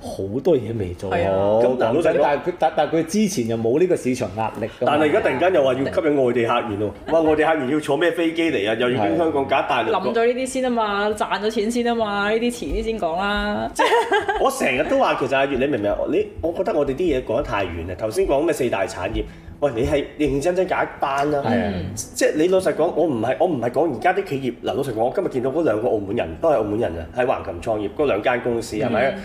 好多嘢未做好。咁、啊、但係但佢但係佢之前又冇呢個市場壓力。但係而家突然間又話要吸引外地客源喎，啊、哇！我哋客源要坐咩飛機嚟啊？ 又要經香港，搞、啊、大陸。諗咗
呢啲先啊嘛，賺咗錢先啊嘛，呢啲遲啲先講啦。
我成日都話其實阿月，你明唔明啊？你我覺得我哋啲嘢講得太遠啦。頭先講咩四大產業？喂，你係認認真真搞一班啦，mm. 即係你老實講，我唔係我唔係講而家啲企業。嗱，老實講，我今日見到嗰兩個澳門人都係澳門人啊，喺橫琴創業嗰兩間公司係咪、mm.？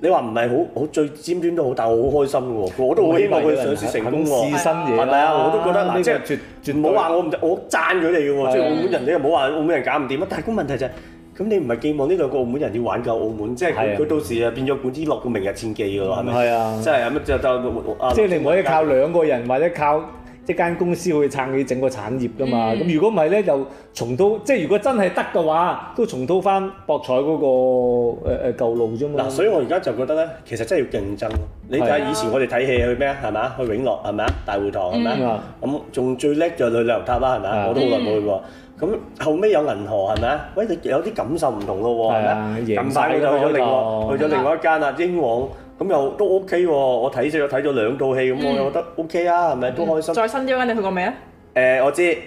你話唔係好好最尖端都好，但我好開心嘅喎，我都好希望佢上市成功喎，係咪啊試新？我都覺得嗱，啊、即係絕絕冇話我唔我讚佢哋嘅喎，即係的澳門人，你又冇話澳門人搞唔掂啊！但係個問題就係。咁你唔係寄望呢兩個澳門人要挽救澳門，即係佢到時啊變咗古天樂個明日戰記㗎喎，係咪？係啊，即係乜就就即係你唔可以靠兩個人或者靠一間公司去撐起整個產業㗎嘛。咁如果唔係咧，就重蹈即係如果真係得嘅話，都重蹈翻博彩嗰個誒誒舊路啫嘛。嗱，所以我而家就覺得咧，其實真係要競爭。你睇下以前我哋睇戲去咩啊？係咪？去永樂係咪啊？大會堂係咪啊？咁仲最叻就去旅遊塔啦，係咪？我都好耐冇去過。咁後尾有銀河係咪啊？喂，你有啲感受唔同咯喎，係咪啊？咁快你就去咗另外去咗另外一間啦，係咪英皇？咁又都 OK 喎。我睇咗睇咗兩套戲，咁、嗯、我又覺得 OK 啊，係咪、嗯、都開心？嗯、再新啲嗰間你去過未啊？誒、呃，我知。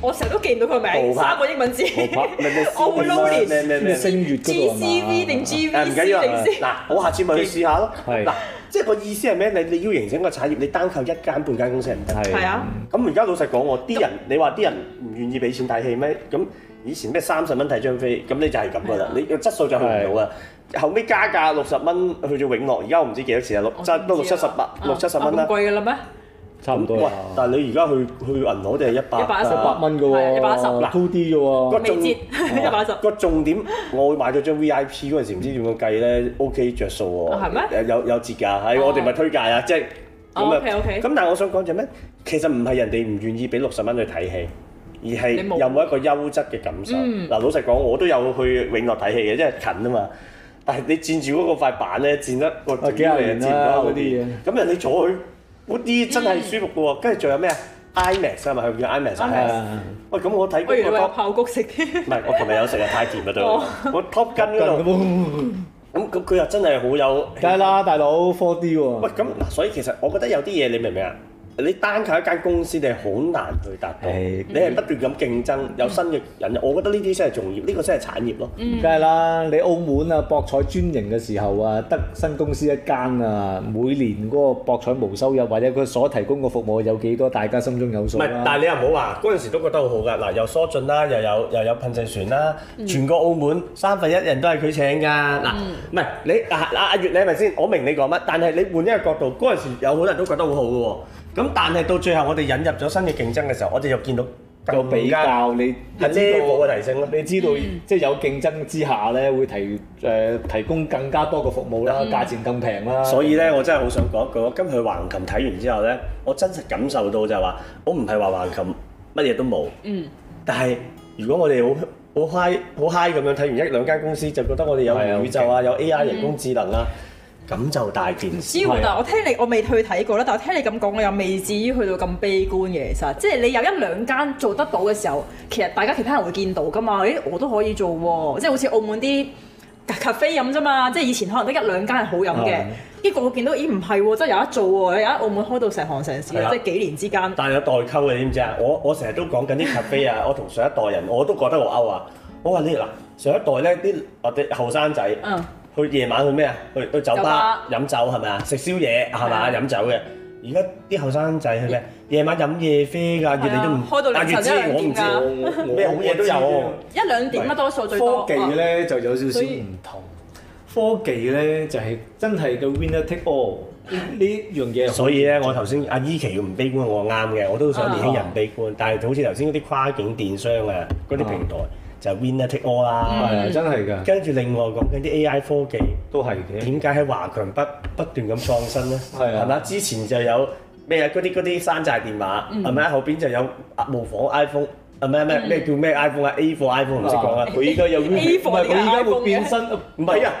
我成日都記唔到佢名，三個英文字。我會撈連。明明明，姓
月嘅喎。G V 定 G V C？唔緊要啦。嗱，我下次咪去試下咯。係。嗱，即係個意思係咩？你你要形成一個產業，你單靠一間半間公司唔得。係啊。咁而家老實講，我啲人，你話啲人唔願意俾錢睇戲咩？咁以前咩三十蚊睇張飛，咁你就係咁噶啦。你個質素就去唔到啊。後尾加價六十蚊去咗永樂，而家我唔知幾多錢啦。六七，六七十八，六七十蚊啦。唔貴嘅啦咩？差唔多喂，但係你而家去去銀座定係一百一百一十八蚊嘅喎，一百一十嗱，高啲嘅喎，個折一百十個重點，我買咗張 V I P 嗰陣時，唔知點樣計咧，OK 着數喎。係咩？有有折價，係我哋咪推介啊！即係
咁啊，
咁但係我想講就咩？其實唔係人哋唔願意俾六十蚊去睇戲，而係有冇一個優質嘅感受。嗱，老實講，我都有去永樂睇戲嘅，即係近啊嘛。但係你佔住嗰個塊板咧，佔得個佔位咁人哋坐去。嗰啲真係舒服嘅喎，跟住仲有咩？IMAX 係咪？佢叫 IMAX 係啊。喂，咁我睇嗰 不如我有爆谷食添。唔係，我琴日有食啊！太甜啦，都 我 Top Gun 嗰度。咁咁佢又真係好有。梗係啦，大佬 4D 喎。D 哦、喂，咁嗱，所以其實我覺得有啲嘢你明唔明啊？你單靠一間公司，你係好難去達到。你係不斷咁競爭，有新嘅人，我覺得呢啲先係重要，呢個先係產業咯。嗯，梗係啦。你澳門啊，博彩專營嘅時候啊，得新公司一間啊，每年嗰個博彩無收入或者佢所提供嘅服務有幾多，大家心中有數啦。唔係，但係你又唔好話，嗰陣時都覺得好好㗎。嗱，又疏浚啦，又有又有噴射船啦，全個澳門三分一人都係佢請㗎。嗱，唔係你嗱嗱阿月，你係咪先？我明你講乜，但係你換一個角度，嗰陣時有好多人都覺得好好㗎喎。咁但係到最後我哋引入咗新嘅競爭嘅時候，我哋又見到有比、比較，你係呢個嘅提升咯。你知道即係、嗯就是、有競爭之下咧，會提誒、呃、提供更加多嘅服務啦，價錢更平啦。嗯、所以咧，對我真係好想講一句，今日去橫琴睇完之後咧，我真實感受到就係話，我唔係話橫琴乜嘢都冇。嗯。但係如果我哋好好嗨，好嗨 i 咁樣睇完一兩間公司，就覺得我哋有宇宙啊，有 AI 人工智能啊。嗯嗯咁就大件事。主要是、啊、但我
聽你，我未去睇過啦。但我聽你咁講，我又未至於去到咁悲觀嘅。其實即係你有一兩間做得到嘅時候，其實大家其他人會見到㗎嘛。咦、哎，我都可以做喎，即係好似澳門啲咖啡 f 飲啫嘛。即係以前可能得一兩間係好飲嘅，跟住是、啊、我個見到咦唔係喎，真、哎、係、啊、有得做喎。你喺澳門開到成行成市是、啊、即係幾年之
間。但係有代溝嘅，你知唔知啊？ 我我成日都講緊啲咖啡啊，我同上一代人我都覺得我 out 啊。我話你嗱，上一代咧啲或者後生仔嗯。嗯。去夜晚去咩啊？去去酒吧飲酒係咪啊？食宵夜係咪啊？飲酒嘅。而家啲後生仔去咩？夜晚飲夜啡㗎，月嚟都唔開到凌晨一兩點㗎。咩好嘢都有。
一兩點乜多數最多。科技咧就有少少唔同。
科技咧就係真係個 winner take all 呢樣嘢。所以咧，我頭先阿依琪唔悲觀，我啱嘅。我都想年輕人悲觀，但係好似頭先嗰啲跨境電商啊，嗰啲平台。就 Winner take all 啦，真係嘅。跟住另外講緊啲 AI 科技都係嘅。點解喺華強北不不斷咁創新咧？係啊，之前就有咩啊，嗰啲嗰啲山寨電話，係咪啊？後邊就有模仿 iPhone，係咪啊？咩咩叫咩 iPhone 啊？A 貨 iPhone 唔識講啊。佢依家又唔係，佢依家會變身，唔係啊。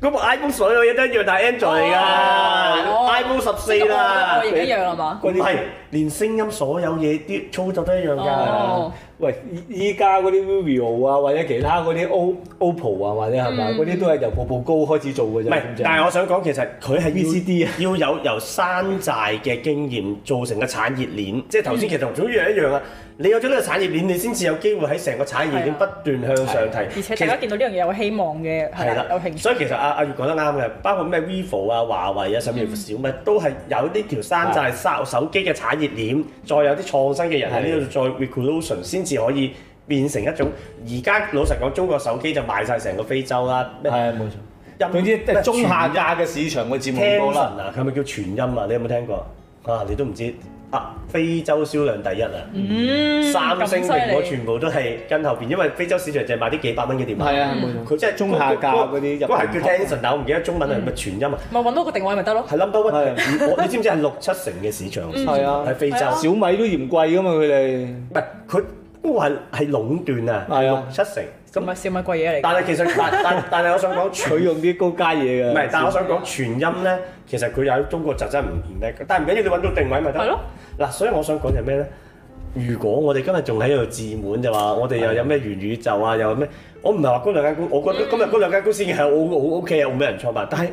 嗰部 iPhone 所有嘢都一樣，但係 Android 嚟㗎，iPhone 十四啦，佢一樣係嘛？啲係，連聲音所有嘢啲操作都一樣㗎。Oh. 喂，依依家嗰啲 Vivo 啊，或者其他嗰啲 O OPPO 啊，或者係嘛，嗰啲、嗯、都係由步步高開始做嘅啫。唔不但係我想講，其實佢係 VCD 啊，要有由山寨嘅經驗造成嘅產業鏈，即係頭先其實同總之係一樣啊。你有咗呢個產業鏈，你先至有機會喺成個產業鏈不斷向上提。而且大家
見到呢樣嘢有希望嘅係啦，的有興情
趣。所以其實阿阿月講得啱嘅，包括咩 Vivo 啊、華為啊，甚至乎小米、嗯、都係有呢條山寨手手機嘅產業鏈，再的有啲創新嘅人喺呢度再 r e c o l u i o n 先至的可以變成一種。而家老實講，中國手機就賣晒成個非洲啦。係啊，冇錯。總之，中下價嘅市場嘅節目冇啦。嗱，係咪叫傳音啊？你有冇聽過？啊！你都唔知啊，非洲銷量第一啦，
三星蘋果全
部都係跟後邊，因為非洲市場就係賣啲幾百蚊嘅電話，係啊，佢真係中下價嗰啲。嗰係叫 Tension 啊，我唔記得中文係咪全音啊。咪揾到個定位咪得咯。係 n 到 m b e r 你知唔知係六七成嘅市場？係啊，喺非洲，小米都嫌貴噶嘛，佢哋。唔佢。都係係壟斷是是成啊，
係啊，七成咁咪少乜鬼嘢嚟。但係其實但
但但係我想講取用啲高階嘢㗎。唔係 全，但係我想講全音咧，其實佢喺中國就真係唔見得。但係唔緊要，你揾到定位咪得。係咯。嗱，所以我想講就係咩咧？如果我哋今日仲喺度自滿就話， 我哋又有咩元宇宙啊，又有咩？我唔係話嗰兩間公司，我覺得今日嗰兩間公司已係好好 OK 啊，冇俾人崇拜。但係。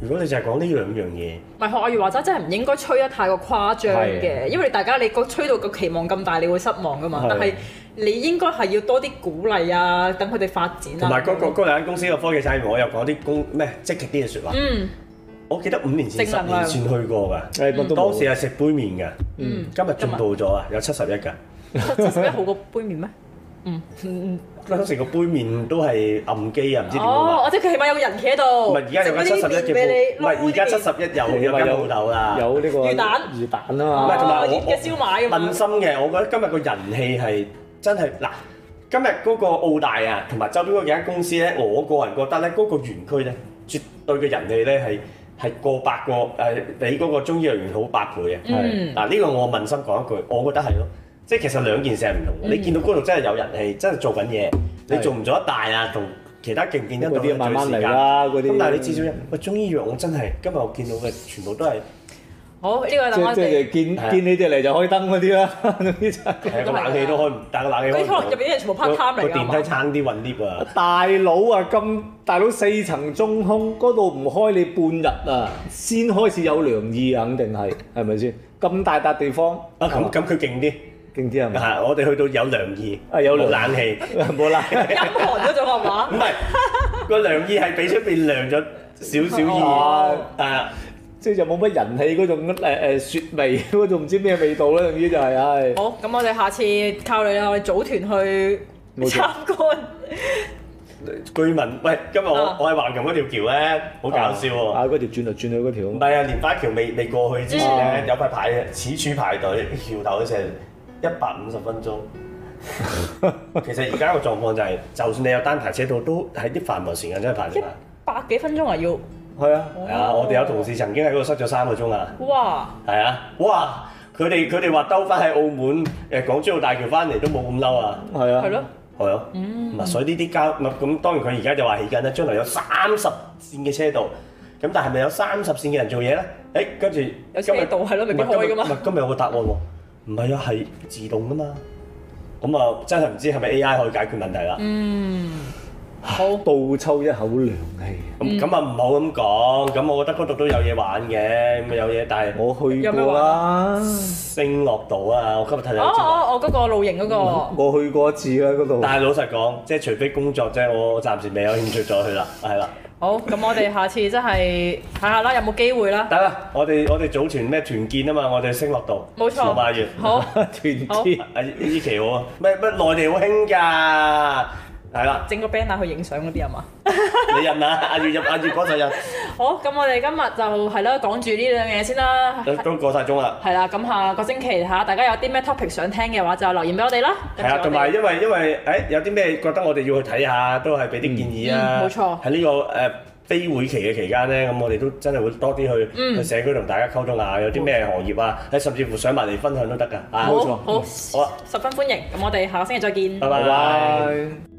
如果你就係講呢兩樣嘢，
唔係學阿月話齋，真係唔應該吹得太過誇張嘅，因為大家你個吹到個期望咁大，你會失望噶嘛。但係你應該係要多啲鼓勵啊，等佢哋發展啦。同埋嗰
兩間公司嘅科技產業，我又講啲公咩積極啲嘅説話。嗯，我記得五年前、十年前去過㗎，當時係食杯麵㗎。嗯，今日進步咗啊，有七十一㗎。七
十一好過杯麵咩？嗯。
嗰成個杯麵都係暗機啊！唔知點講。哦，
即係佢起碼有個人企喺度。唔係，而家有個七十一隻煲。唔係，而家七十
一有啊嘛，有老豆啦。有呢個魚蛋。魚蛋啊嘛。唔係，同埋我嘅燒賣我問心嘅，我覺得今日個人氣係真係嗱，今日嗰個澳大啊，同埋周邊嗰幾間公司咧，我個人覺得咧，嗰個園區咧，絕對嘅人氣咧係係過百個誒比嗰個中醫藥園好百倍啊！嗯，嗱呢個我問心講一句，我覺得係咯。即係其實兩件事係唔同嘅。你見到嗰度真係有人氣，真係做緊嘢。你做唔做得大啊？同其他勁，見得到嘅時間啦。嗰啲慢慢嚟啦。咁但係你至少一……喂，中醫藥我真係今日我見到嘅全部都係好。呢個等我即係即係見見你哋嚟就開燈嗰啲啦。嗰啲真係個冷氣都開唔，但個冷氣開。鬼村落入面啲人全部 part time 嚟㗎嘛？個電梯撐啲混啲啊！大佬啊，咁大佬四層中空，嗰度唔開你半日啊，先開始有涼意肯定係，係咪先？咁大笪地方啊，咁咁佢勁啲。係，我哋去到有涼意，有冷氣，冇冷氣。咁
寒嗰種係嘛？唔
係，個涼意係比出邊涼咗少少熱，誒，即係就冇乜人氣嗰種誒誒雪味嗰種唔知咩味道咧，總之就係。好，
咁我哋下次靠你啦，我哋組團去參觀。
據聞，喂，今日我我係橫琴嗰條橋咧，好搞笑喎！啊，嗰條轉就轉到嗰條。唔係啊，蓮花橋未未過去之前咧，有塊牌嘅，此處排隊，橋頭嗰陣。一百五十分鐘，其實而家個狀況就係，就算你有單排車道，都喺啲繁忙時間真係排緊。一
百幾分鐘啊，要？
係啊，係啊，我哋有同事曾經喺嗰度塞咗三個鐘啊。
哇！
係啊，哇！佢哋佢哋話兜翻喺澳門誒港珠澳大橋翻嚟都冇咁嬲啊。係啊，係咯，係咯。嗯。咪所以呢啲交咪咁，當然佢而家就話起緊啦，將來有三十線嘅車道，咁但係咪有三十線嘅人做嘢咧？誒，跟住有車道係咯，咪幾好嘅嘛。咪今日有個答案喎。唔係啊，係自動啊嘛。咁啊，真係唔知係咪 AI 可以解決問題啦。嗯，倒抽一口涼氣。咁咁啊，唔好咁講。咁我覺得嗰度都有嘢玩嘅，咁有嘢。但係我去過啦，啊，星落島啊，我今日睇睇。哦，
我嗰個露營嗰、嗰個
我。我去過一次啦，嗰度。但係老實講，即係除非工作即啫，我暫時未有，有興趣再去啦。係啦。 好，
咁我哋下次真係睇下啦，有冇機會啦？得啦
我哋我哋組團咩團建啊嘛，我哋升樂度，冇錯，八月， 好，團建，呢期喎，咩咩內地好興㗎。係啦，整個 banner 去影相嗰啲啊嘛，你印啊，阿月入，阿月嗰陣印。
好，咁我哋今日就係咯，講住呢兩嘢先
啦。都過晒鐘啦。
係啦，咁下個星期嚇，大家有啲咩 topic 想聽嘅話，就留言俾我哋啦。係啊，同埋
因為因為誒有啲咩覺得我哋要去睇下，都係俾啲建議啊。冇錯。喺呢個誒非會期嘅期間咧，咁我哋都真係會多啲去去社區同大家溝通下，有啲咩行業啊，誒甚至乎想埋嚟分享都得㗎。冇錯。好，好，啊，
十分歡迎。咁我哋下個星期再見。拜拜。